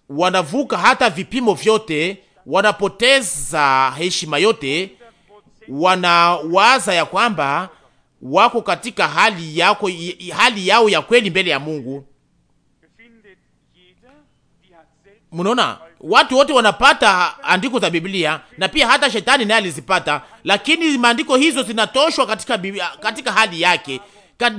wanavuka hata vipimo vyote, wanapoteza heshima yote wanawaza ya kwamba wako katika hali yako, hali yao ya kweli mbele ya Mungu. Mnaona, watu wote wanapata andiko za Biblia na pia hata shetani naye alizipata, lakini maandiko hizo zinatoshwa katika Biblia, katika hali yake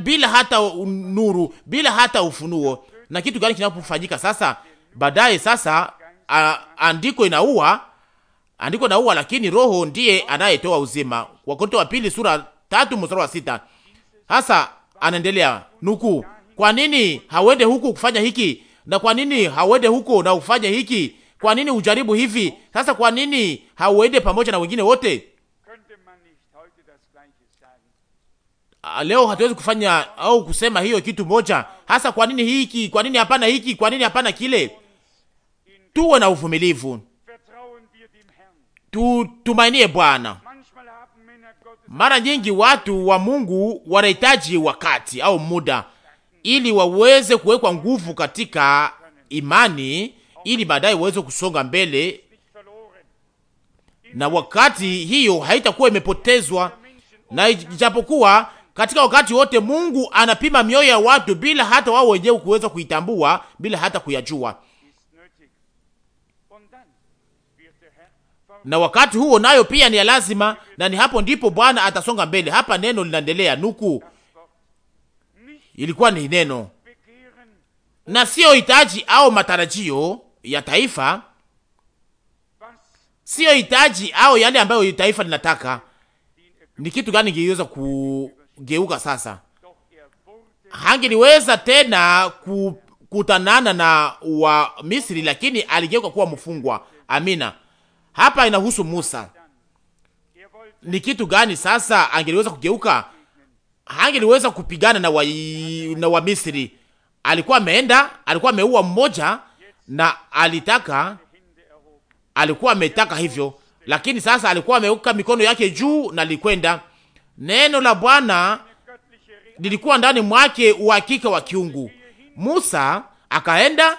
bila hata nuru, bila hata ufunuo. Na kitu gani kinapofanyika sasa? Baadaye sasa a, andiko inaua andiko na uwa, lakini roho ndiye anayetoa uzima. Wakorintho wa pili sura tatu mstari wa sita. Hasa anaendelea nuku, kwa nini hauende huku kufanya hiki na kwa nini hauende huko na ufanye hiki? Kwa nini ujaribu hivi? Sasa kwa nini hauende pamoja na wengine wote? Leo hatuwezi kufanya au kusema hiyo kitu moja. Hasa kwa nini hiki? Kwa nini hapana hiki? Kwa nini hapana kile? Tuwe na uvumilivu tutumainie Bwana. Mara nyingi watu wa Mungu wanahitaji wakati au muda ili waweze kuwekwa nguvu katika imani ili baadaye waweze kusonga mbele, na wakati hiyo haitakuwa imepotezwa. Na ijapokuwa katika wakati wote Mungu anapima mioyo ya watu bila hata wao wenyewe kuweza kuitambua, bila hata kuyajua. na wakati huo nayo pia ni ya lazima, na ni hapo ndipo Bwana atasonga mbele. Hapa neno linaendelea nuku, ilikuwa ni neno na sio hitaji au matarajio ya taifa, sio hitaji au yale ambayo taifa linataka. Ni kitu gani kiweza kugeuka sasa? Hangeliweza tena kukutanana na wa Misri, lakini aligeuka kuwa mfungwa. Amina. Hapa inahusu Musa. Ni kitu gani sasa angeliweza kugeuka? Hangeliweza kupigana na wa, na wa Misri. Alikuwa ameenda, alikuwa ameua mmoja na alitaka alikuwa ametaka hivyo, lakini sasa alikuwa ameuka mikono yake juu na likwenda. Neno la Bwana lilikuwa ndani mwake uhakika wa kiungu. Musa akaenda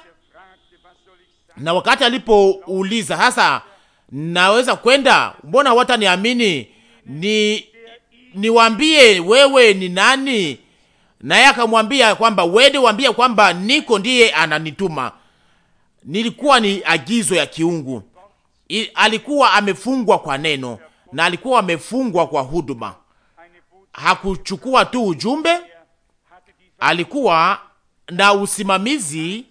na wakati alipouliza hasa naweza kwenda? Mbona wataniamini? Ni niwambie wewe ni nani? Naye akamwambia kwamba wende wambia kwamba niko ndiye ananituma. Nilikuwa ni agizo ya kiungu. I, alikuwa amefungwa kwa neno na alikuwa amefungwa kwa huduma. Hakuchukua tu ujumbe, alikuwa na usimamizi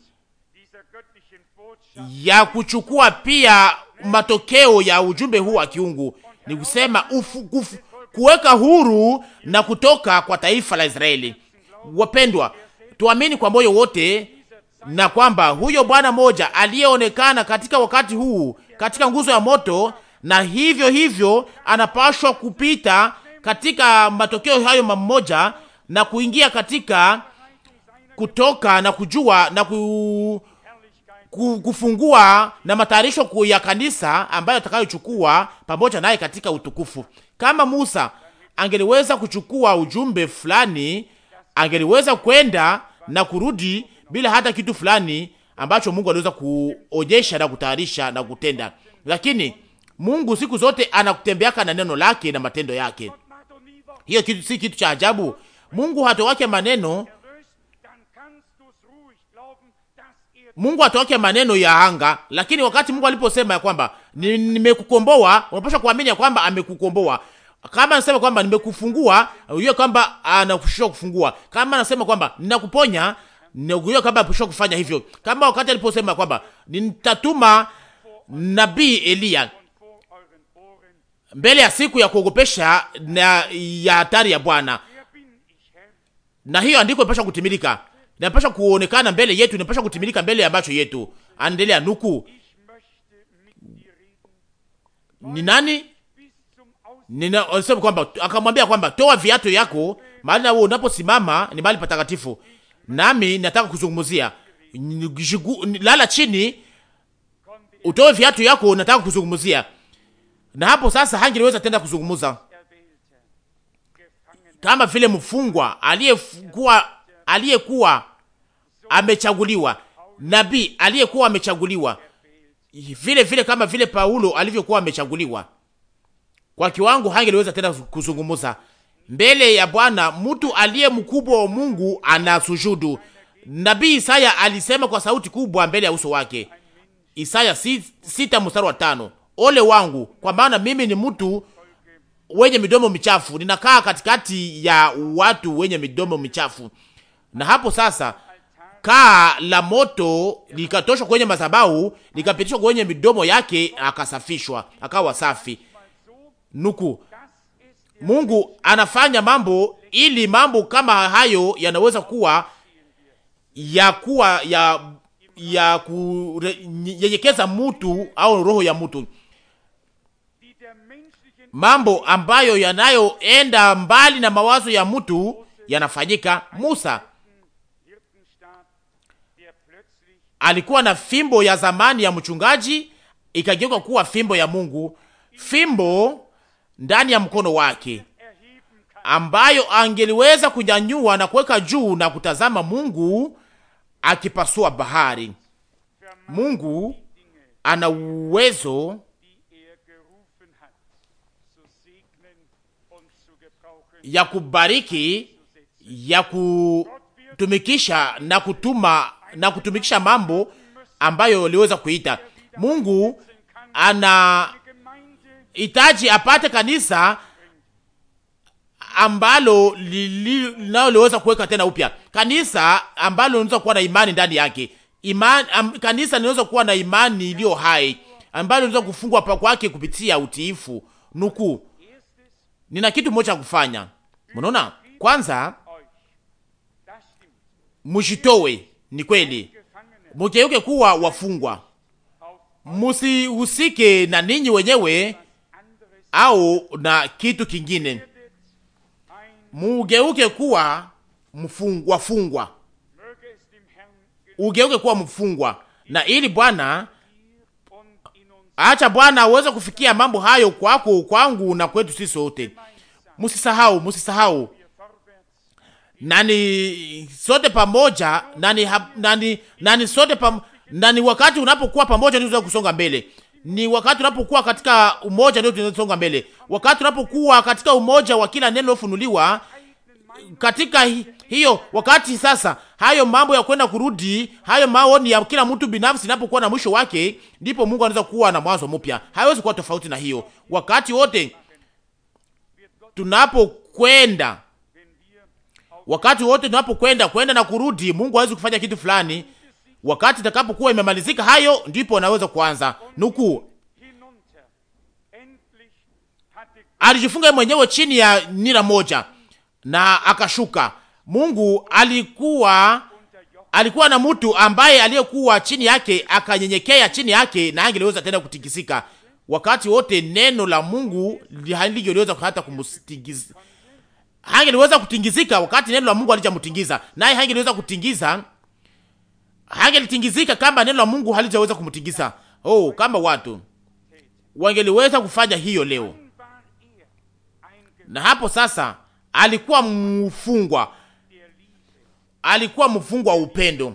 ya kuchukua pia matokeo ya ujumbe huu wa kiungu ni kusema kuweka huru na kutoka kwa taifa la Israeli. Wapendwa, tuamini kwa moyo wote na kwamba huyo Bwana moja aliyeonekana katika wakati huu katika nguzo ya moto, na hivyo hivyo anapashwa kupita katika matokeo hayo mamoja na kuingia katika kutoka na kujua na ku kufungua na matayarisho ya kanisa ambayo atakayochukua pamoja naye katika utukufu. Kama Musa angeliweza kuchukua ujumbe fulani, angeliweza kwenda na kurudi bila hata kitu fulani ambacho Mungu aliweza kuonyesha na kutayarisha na kutenda. Lakini Mungu siku zote anakutembeaka na neno lake na matendo yake. Hiyo kitu si kitu cha ajabu. Mungu hatowake maneno Mungu atoake maneno ya anga, lakini wakati Mungu aliposema ya kwamba nimekukomboa, ni unapaswa kuamini ya kwamba amekukomboa. Kama anasema kwamba nimekufungua, unajua kwamba anakushia kufungua. Kama anasema kwamba ninakuponya, unajua kwamba anakushusha kufanya hivyo. Kama wakati aliposema kwamba nitatuma nabii Eliya mbele ya siku ya kuogopesha na ya hatari ya Bwana, na hiyo andiko ipasha kutimilika inapasha kuonekana mbele yetu, inapasha kutimilika mbele ya macho yetu. Anaendelea nuku, ni nani nina ninasema kwamba akamwambia kwamba toa viatu yako, mahali wewe unaposimama ni mahali patakatifu, nami nataka kuzungumzia. Lala chini, utoe viatu yako, nataka kuzungumzia. Na hapo sasa hangeweza tena kuzungumza, kama vile mfungwa aliyekuwa aliyekuwa amechaguliwa, nabii aliyekuwa amechaguliwa, vile vile kama vile Paulo alivyokuwa amechaguliwa. Kwa kiwango hangeliweza tena kuzungumza mbele ya Bwana, mtu aliye mkubwa wa Mungu ana Nabii Isaya alisema kwa sauti kubwa mbele ya uso wake, Isaya sita mstari wa tano, ole wangu kwa maana mimi ni mtu wenye midomo michafu, ninakaa katikati ya watu wenye midomo michafu na hapo sasa kaa la moto likatoshwa kwenye madhabahu likapitishwa kwenye midomo yake, akasafishwa, akawa safi. Nuku, Mungu anafanya mambo ili mambo kama hayo yanaweza kuwa ya kuwa ya ya kunyenyekeza mtu au roho ya mtu, mambo ambayo yanayoenda mbali na mawazo ya mtu yanafanyika. Musa alikuwa na fimbo ya zamani ya mchungaji ikageuka kuwa fimbo ya Mungu, fimbo ndani ya mkono wake ambayo angeliweza kunyanyua na kuweka juu na kutazama Mungu akipasua bahari. Mungu ana uwezo ya kubariki, ya kutumikisha na kutuma na kutumikisha mambo ambayo liweza kuita. Mungu ana hitaji apate kanisa ambalo linao liweza kuweka tena upya, kanisa ambalo linaweza kuwa na imani ndani yake imani, am, kanisa linaweza kuwa na imani iliyo hai ambalo linaweza kufungwa pa kwake kupitia utiifu. Nuku, nina kitu moja cha kufanya. Mnaona, kwanza mujitowe ni kweli, mugeuke kuwa wafungwa, musihusike na ninyi wenyewe au na kitu kingine, mugeuke kuwa mfungwa, wafungwa, ugeuke kuwa mfungwa, na ili Bwana acha Bwana aweze kufikia mambo hayo kwako, kwangu na kwetu sisi sote. Musisahau, musisahau nani sote pamoja nani, hap, nani, nani sote pam, nani wakati unapokuwa pamoja ndio kusonga mbele ni wakati unapokuwa katika umoja ndio tunasonga mbele. Wakati unapokuwa katika umoja wa kila neno lofunuliwa katika hi, hiyo wakati sasa, hayo mambo ya kwenda kurudi, hayo maoni ya kila mtu binafsi inapokuwa na mwisho wake, ndipo Mungu anaweza kuwa na mwanzo mpya. hayawezi kuwa tofauti na hiyo. Wakati wote tunapokwenda Wakati wote tunapokwenda kwenda na kurudi, Mungu hawezi kufanya kitu fulani. Wakati itakapokuwa imemalizika hayo, ndipo anaweza kuanza nuku. Alijifunga mwenyewe chini ya nira moja na akashuka. Mungu alikuwa alikuwa na mtu ambaye aliyekuwa chini yake akanyenyekea chini yake, na angeliweza tena kutikisika. Wakati wote neno la Mungu halingeliweza hata kumtikisa hangeliweza kutingizika wakati neno la Mungu alijamtingiza, naye hangeliweza kutingiza, hangelitingizika kama neno la Mungu halijaweza kumtingiza. Oh, kama watu wangeliweza kufanya hiyo leo. Na hapo sasa alikuwa mfungwa, alikuwa mfungwa wa upendo,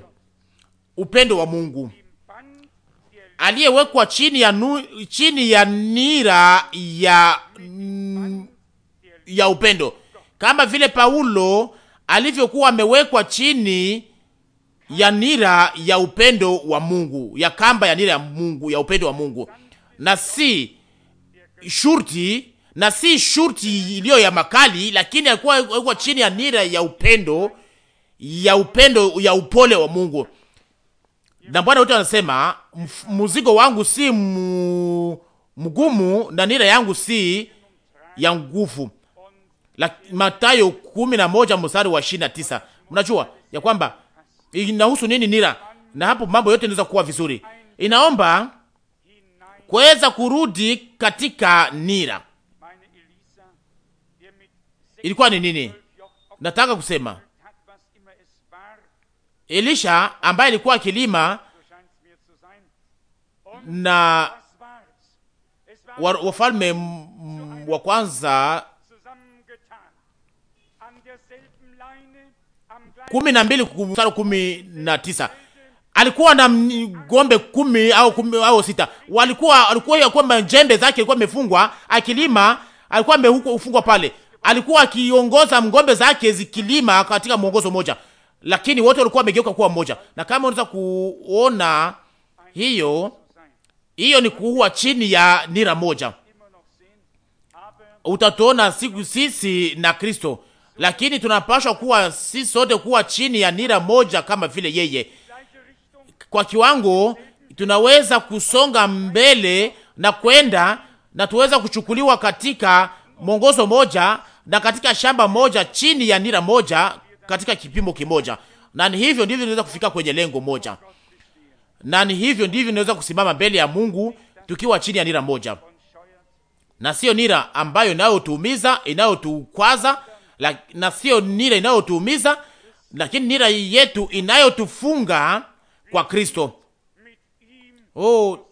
upendo wa Mungu aliyewekwa chini ya nu, chini ya nira ya ya upendo kama vile Paulo alivyokuwa amewekwa chini ya nira ya upendo wa Mungu, ya kamba ya nira ya Mungu, ya upendo wa Mungu, na si shurti na si shurti iliyo ya makali, lakini alikuwa alikuwa chini ya nira ya upendo ya upendo ya upole wa Mungu. Na Bwana wote wanasema mzigo wangu si mgumu na nira yangu si ya nguvu. La, Mathayo kumi na moja mstari wa ishirini na tisa. Mnajua ya kwamba inahusu nini nira, na hapo mambo yote inaweza kuwa vizuri. Inaomba kuweza kurudi katika nira. Ilikuwa ni nini? Nataka kusema Elisha ambaye alikuwa kilima na wafalme wa kwanza kumi na mbili mstari kumi na tisa alikuwa na ng'ombe kumi au kumi au sita, walikuwa alikuwa kwamba jembe zake alikuwa amefungwa akilima, alikuwa amefungwa pale, alikuwa akiongoza ng'ombe zake zikilima katika mwongozo mmoja, lakini wote walikuwa wamegeuka kuwa mmoja. Na kama unaweza kuona hiyo hiyo, ni kuua chini ya nira moja. Utatuona siku sisi na Kristo lakini tunapashwa kuwa si sote kuwa chini ya nira moja kama vile yeye. Kwa kiwango tunaweza kusonga mbele na kwenda na tuweza kuchukuliwa katika mwongozo moja na katika shamba moja chini ya nira moja katika kipimo kimoja, na ni hivyo ndivyo tunaweza kufika kwenye lengo moja, na ni hivyo ndivyo tunaweza kusimama mbele ya Mungu tukiwa chini ya nira moja, na sio nira ambayo inayotuumiza inayotukwaza na sio nira inayotuumiza, lakini nira yetu inayotufunga kwa Kristo. Oh,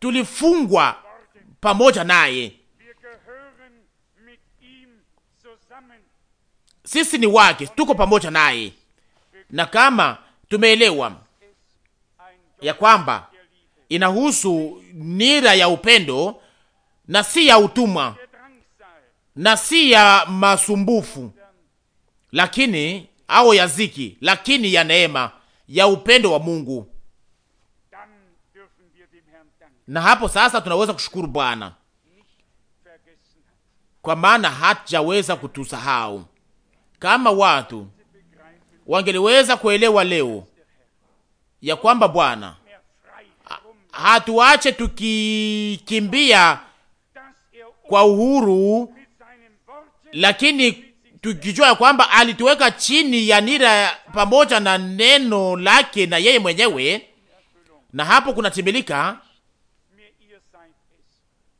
tulifungwa pamoja naye, sisi ni wake, tuko pamoja naye, na kama tumeelewa ya kwamba inahusu nira ya upendo na si ya utumwa na si ya masumbufu lakini au ya ziki, lakini ya neema ya upendo wa Mungu. Na hapo sasa tunaweza kushukuru Bwana kwa maana hajaweza kutusahau. Kama watu wangeliweza kuelewa leo ya kwamba Bwana hatuache tukikimbia kwa uhuru lakini tukijua ya kwamba alituweka chini ya nira pamoja na neno lake na yeye mwenyewe, na hapo kunatimilika,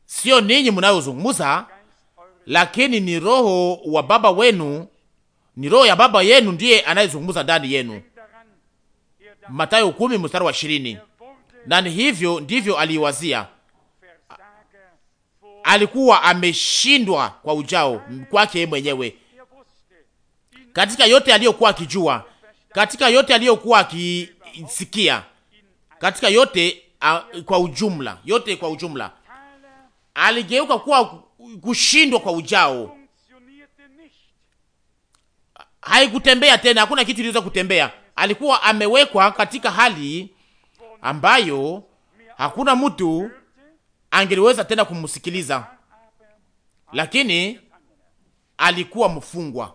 sio ninyi mnayozungumza, lakini ni roho wa baba wenu, ni roho ya baba yenu ndiye anayezungumza ndani yenu. Mathayo 10 mstari wa 20. Na hivyo ndivyo aliiwazia alikuwa ameshindwa kwa ujao kwake mwenyewe, katika yote aliyokuwa akijua, katika yote aliyokuwa akisikia, katika yote a, kwa ujumla, yote kwa ujumla aligeuka kuwa kushindwa kwa ujao. Haikutembea tena, hakuna kitu iliweza kutembea. Alikuwa amewekwa katika hali ambayo hakuna mtu angeliweza tena kumsikiliza, lakini alikuwa mfungwa.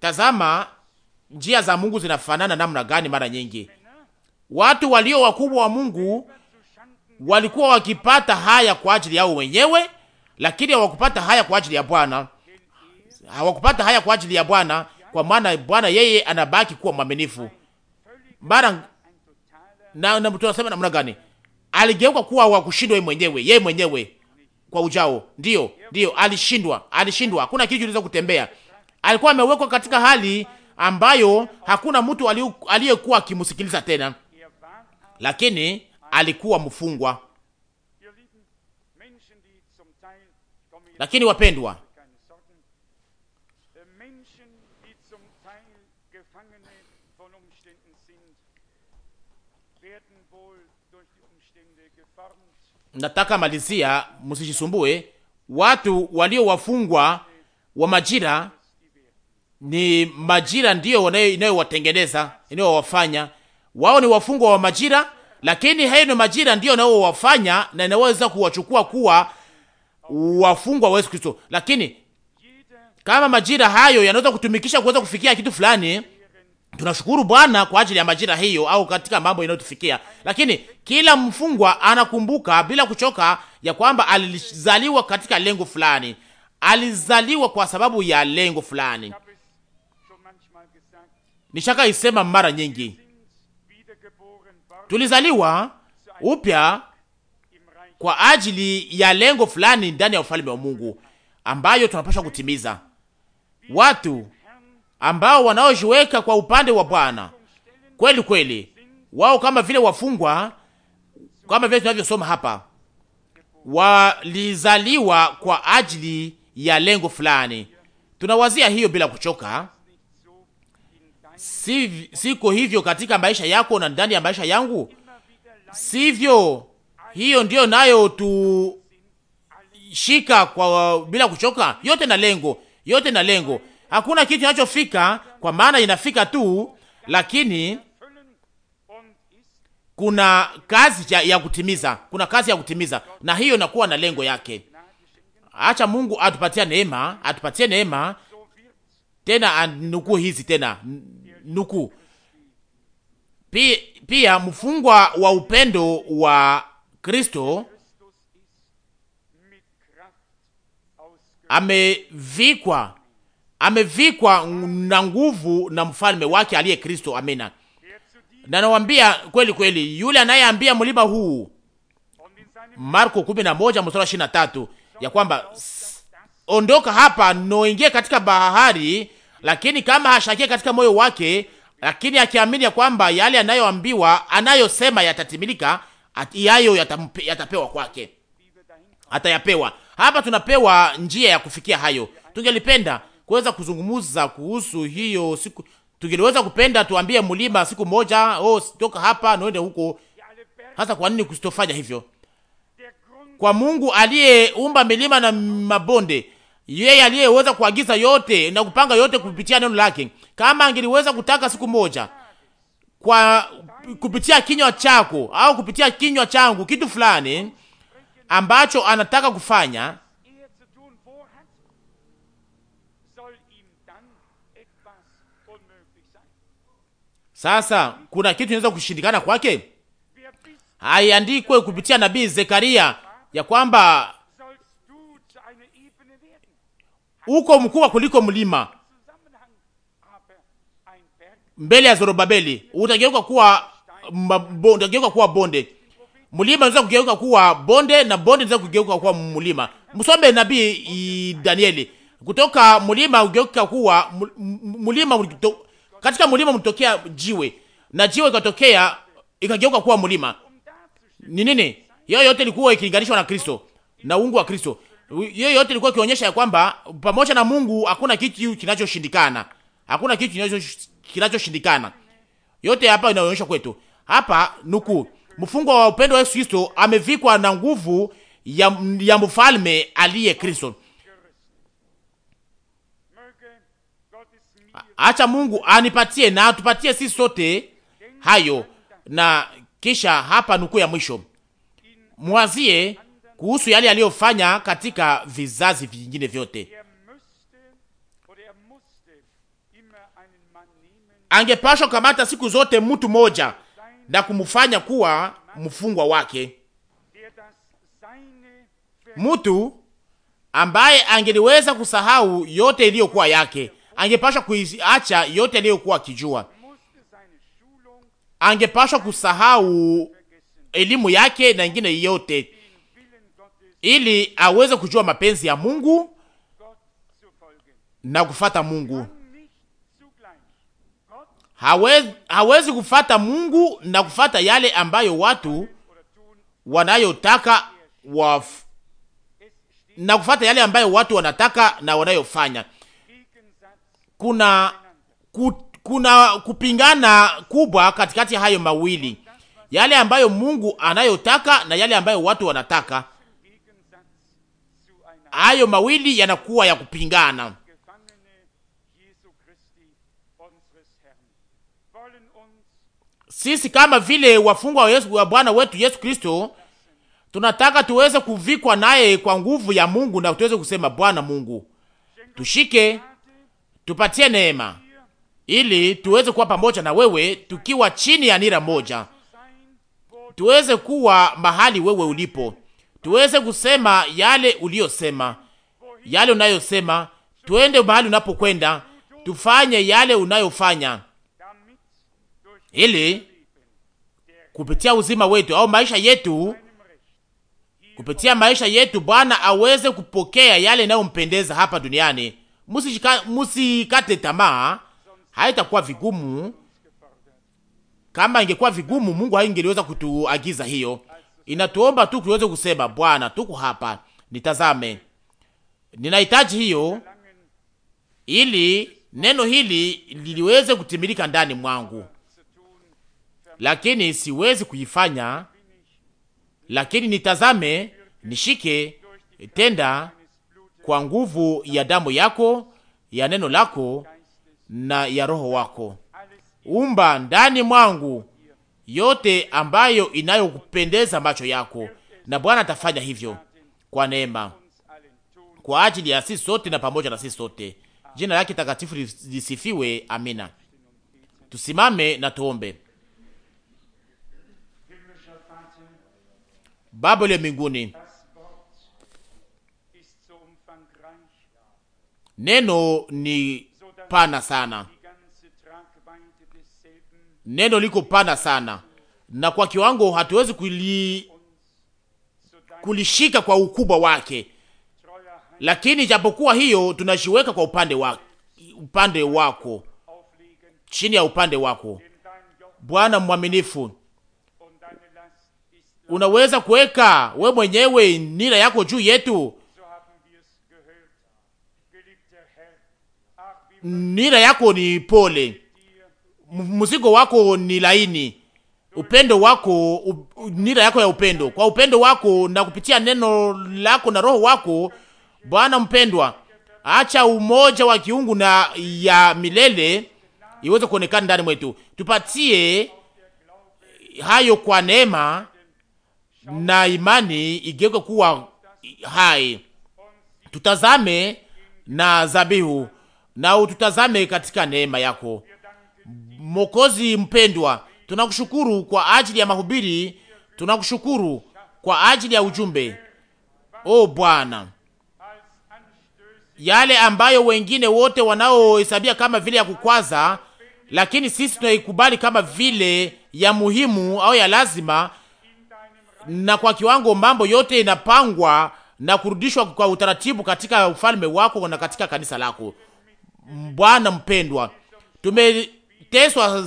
Tazama, njia za Mungu zinafanana namna gani! Mara nyingi watu walio wakubwa wa Mungu walikuwa wakipata haya kwa ajili yao wenyewe, lakini hawakupata haya kwa ajili ya Bwana, hawakupata haya kwa ajili ya Bwana, kwa maana Bwana yeye anabaki kuwa mwaminifu. Mara na, na tunasema namna gani? Aligeuka kuwa wa kushindwa yeye mwenyewe, yeye mwenyewe kwa ujao. Ndio, ndio alishindwa, alishindwa. Hakuna kitu kiliweza kutembea. Alikuwa amewekwa katika hali ambayo hakuna mtu aliyekuwa akimsikiliza tena, lakini alikuwa mfungwa. Lakini wapendwa nataka malizia, msijisumbue. Watu walio wafungwa wa majira ni majira ndiyo inayowatengeneza inayowafanya wao ni wafungwa wa majira, lakini hayo majira ndiyo inayowafanya na inaweza kuwachukua kuwa wafungwa wa Yesu Kristo. Lakini kama majira hayo yanaweza kutumikisha kuweza kufikia kitu fulani Tunashukuru Bwana kwa ajili ya majira hiyo au katika mambo inayotufikia. Lakini kila mfungwa anakumbuka bila kuchoka ya kwamba alizaliwa katika lengo fulani. Alizaliwa kwa sababu ya lengo fulani. Nishaka isema mara nyingi. Tulizaliwa upya kwa ajili ya lengo fulani ndani ya ufalme wa Mungu ambayo tunapaswa kutimiza. Watu ambao wanaojiweka kwa upande wa Bwana kweli kweli, wao kama vile wafungwa, kama vile tunavyosoma hapa, walizaliwa kwa ajili ya lengo fulani. Tunawazia hiyo bila kuchoka. Si, siko hivyo katika maisha yako na ndani ya maisha yangu, sivyo? Hiyo ndiyo nayo tushika kwa bila kuchoka, yote na lengo, yote na lengo Hakuna kitu kinachofika kwa maana inafika tu, lakini kuna kazi ya, kutimiza, kuna kazi ya kutimiza, na hiyo inakuwa na lengo yake. Acha Mungu atupatie neema, atupatie neema tena. Nukuu hizi tena nukuu pia, pia mfungwa wa upendo wa Kristo amevikwa amevikwa na nguvu na mfalme wake aliye Kristo. Amina. Na nawambia kweli kweli, yule anayeambia mlima huu, Marko 11 mstari wa 23, ya kwamba ondoka hapa noingie katika bahari, lakini kama hashakie katika moyo wake, lakini akiamini ya kwamba yale anayoambiwa anayosema yatatimilika, yayo yatapewa kwake, atayapewa. Hapa tunapewa njia ya kufikia hayo. Tungelipenda kuweza kuzungumza kuhusu hiyo siku. Tungeliweza kupenda tuambie mlima siku moja, oh, sitoka hapa naende huko. Hasa kwa nini kusitofanya hivyo? Kwa Mungu aliyeumba milima na mabonde, yeye aliyeweza kuagiza yote na kupanga yote kupitia neno lake, kama angeliweza kutaka siku moja kwa kupitia kinywa chako au kupitia kinywa changu kitu fulani ambacho anataka kufanya Sasa kuna kitu inaweza kushindikana kwake? Haiandikwe kupitia nabii Zekaria ya kwamba uko mkubwa kuliko mlima mbele ya Zorobabeli, utageuka kuwa utageuka kuwa bonde. Mlima unaweza kugeuka kuwa bonde na bonde unaweza kugeuka kuwa mlima. Msome nabii eh, Danieli, kutoka mlima ugeuka kuwa mlima katika mlima mtokea jiwe na jiwe ikatokea ikageuka kuwa mlima. Ni nini? Hiyo yote ilikuwa ikilinganishwa na Kristo na uungu wa Kristo. Hiyo yote ilikuwa ikionyesha ya kwamba pamoja na Mungu hakuna kitu kinachoshindikana. Hakuna kitu kinachoshindikana. Yote hapa inaonyesha kwetu. Hapa nuku mfungwa wa upendo wa Yesu Kristo amevikwa na nguvu ya, ya mfalme aliye Kristo. Acha Mungu anipatie na atupatie sisi sote hayo. Na kisha hapa nukuu ya mwisho, mwazie kuhusu yale aliyofanya katika vizazi vingine vyote. Angepashwa kamata siku zote mtu moja na kumfanya kuwa mfungwa wake, mtu ambaye angeliweza kusahau yote iliyokuwa yake angepashwa kuiacha yote aliyokuwa akijua, angepashwa kusahau elimu yake na ingine yote, ili aweze kujua mapenzi ya Mungu na kufata Mungu. Hawezi, hawezi kufata Mungu na kufata yale ambayo watu wanayotaka waf, na kufata yale ambayo watu wanataka na wanayofanya kuna ku, kuna kupingana kubwa katikati ya hayo mawili, yale ambayo Mungu anayotaka na yale ambayo watu wanataka. Hayo mawili yanakuwa ya kupingana. Sisi kama vile wafungwa wa Yesu, wa Bwana wetu Yesu Kristo, tunataka tuweze kuvikwa naye kwa nguvu ya Mungu na tuweze kusema Bwana Mungu, tushike tupatie neema ili tuweze kuwa pamoja na wewe tukiwa chini ya nira moja, tuweze kuwa mahali wewe ulipo, tuweze kusema yale uliyosema, yale unayosema, tuende mahali unapokwenda, tufanye yale unayofanya, ili kupitia uzima wetu au maisha yetu, kupitia maisha yetu Bwana aweze kupokea yale inayompendeza hapa duniani Musikate tamaa, haitakuwa vigumu. Kama ingekuwa vigumu, Mungu haingeliweza kutuagiza hiyo. Inatuomba tu tuweze kusema Bwana, tuko hapa, nitazame, ninahitaji hiyo, ili neno hili liliweze kutimilika ndani mwangu, lakini siwezi kuifanya, lakini nitazame, nishike, tenda kwa nguvu ya damu yako, ya neno lako na ya roho wako. Umba ndani mwangu yote ambayo inayokupendeza macho yako, na Bwana atafanya hivyo kwa neema, kwa ajili ya sisi sote na pamoja na sisi sote. Jina lake takatifu lisifiwe. Amina. Tusimame na tuombe. Baba uliye mbinguni Neno ni pana sana, neno liko pana sana, na kwa kiwango hatuwezi kuli kulishika kwa ukubwa wake, lakini japokuwa hiyo tunajiweka kwa upande wa upande wako, chini ya upande wako. Bwana mwaminifu, unaweza kuweka we mwenyewe nira yako juu yetu nira yako ni pole, mzigo wako ni laini, upendo wako nira yako ya upendo. Kwa upendo wako na kupitia neno lako na roho wako, Bwana mpendwa, acha umoja wa kiungu na ya milele iweze kuonekana ndani mwetu. Tupatie hayo kwa neema na imani igeuke kuwa hai. Tutazame na zabihu na ututazame katika neema yako. Mokozi mpendwa, tunakushukuru kwa ajili ya mahubiri, tunakushukuru kwa ajili ya ujumbe. O Bwana, yale ambayo wengine wote wanaohesabia kama vile ya kukwaza, lakini sisi tunaikubali kama vile ya muhimu au ya lazima, na kwa kiwango mambo yote inapangwa na kurudishwa kwa utaratibu katika ufalme wako na katika kanisa lako. Bwana mpendwa, tumeteswa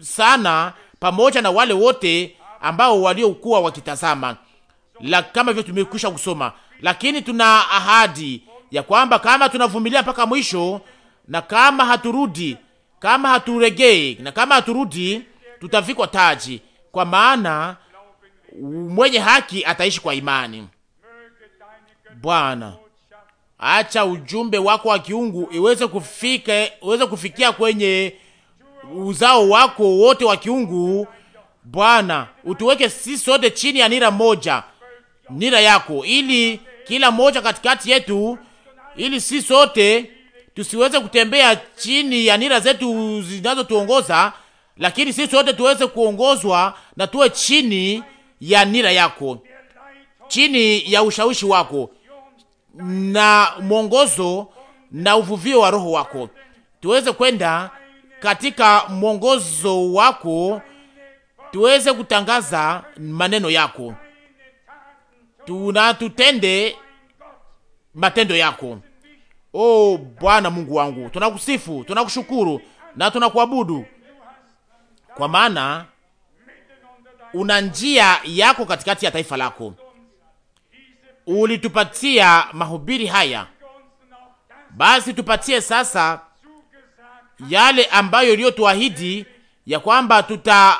sana pamoja na wale wote ambao waliokuwa wakitazama, la kama vile tumekwisha kusoma, lakini tuna ahadi ya kwamba kama tunavumilia mpaka mwisho na kama haturudi, kama haturegei na kama haturudi, tutavikwa taji, kwa maana mwenye haki ataishi kwa imani. Bwana, acha ujumbe wako wa kiungu iweze kufika, iweze kufikia kwenye uzao wako wote wa kiungu. Bwana, utuweke sisi sote chini ya nira moja, nira yako, ili kila moja katikati yetu, ili sisi sote tusiweze kutembea chini ya nira zetu zinazotuongoza, lakini sisi sote tuweze kuongozwa na tuwe chini ya nira yako, chini ya ushawishi wako na mwongozo na uvuvio wa roho wako, tuweze kwenda katika mwongozo wako, tuweze kutangaza maneno yako, tuna tutende matendo yako. O oh, Bwana Mungu wangu, tunakusifu, tunakushukuru na tunakuabudu kwa maana una njia yako katikati ya taifa lako ulitupatia mahubiri haya, basi tupatie sasa yale ambayo iliyotuahidi ya kwamba tuta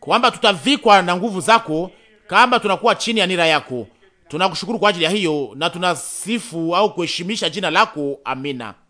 kwamba tutavikwa na nguvu zako kama tunakuwa chini ya nira yako. Tunakushukuru kwa ajili ya hiyo na tunasifu au kuheshimisha jina lako. Amina.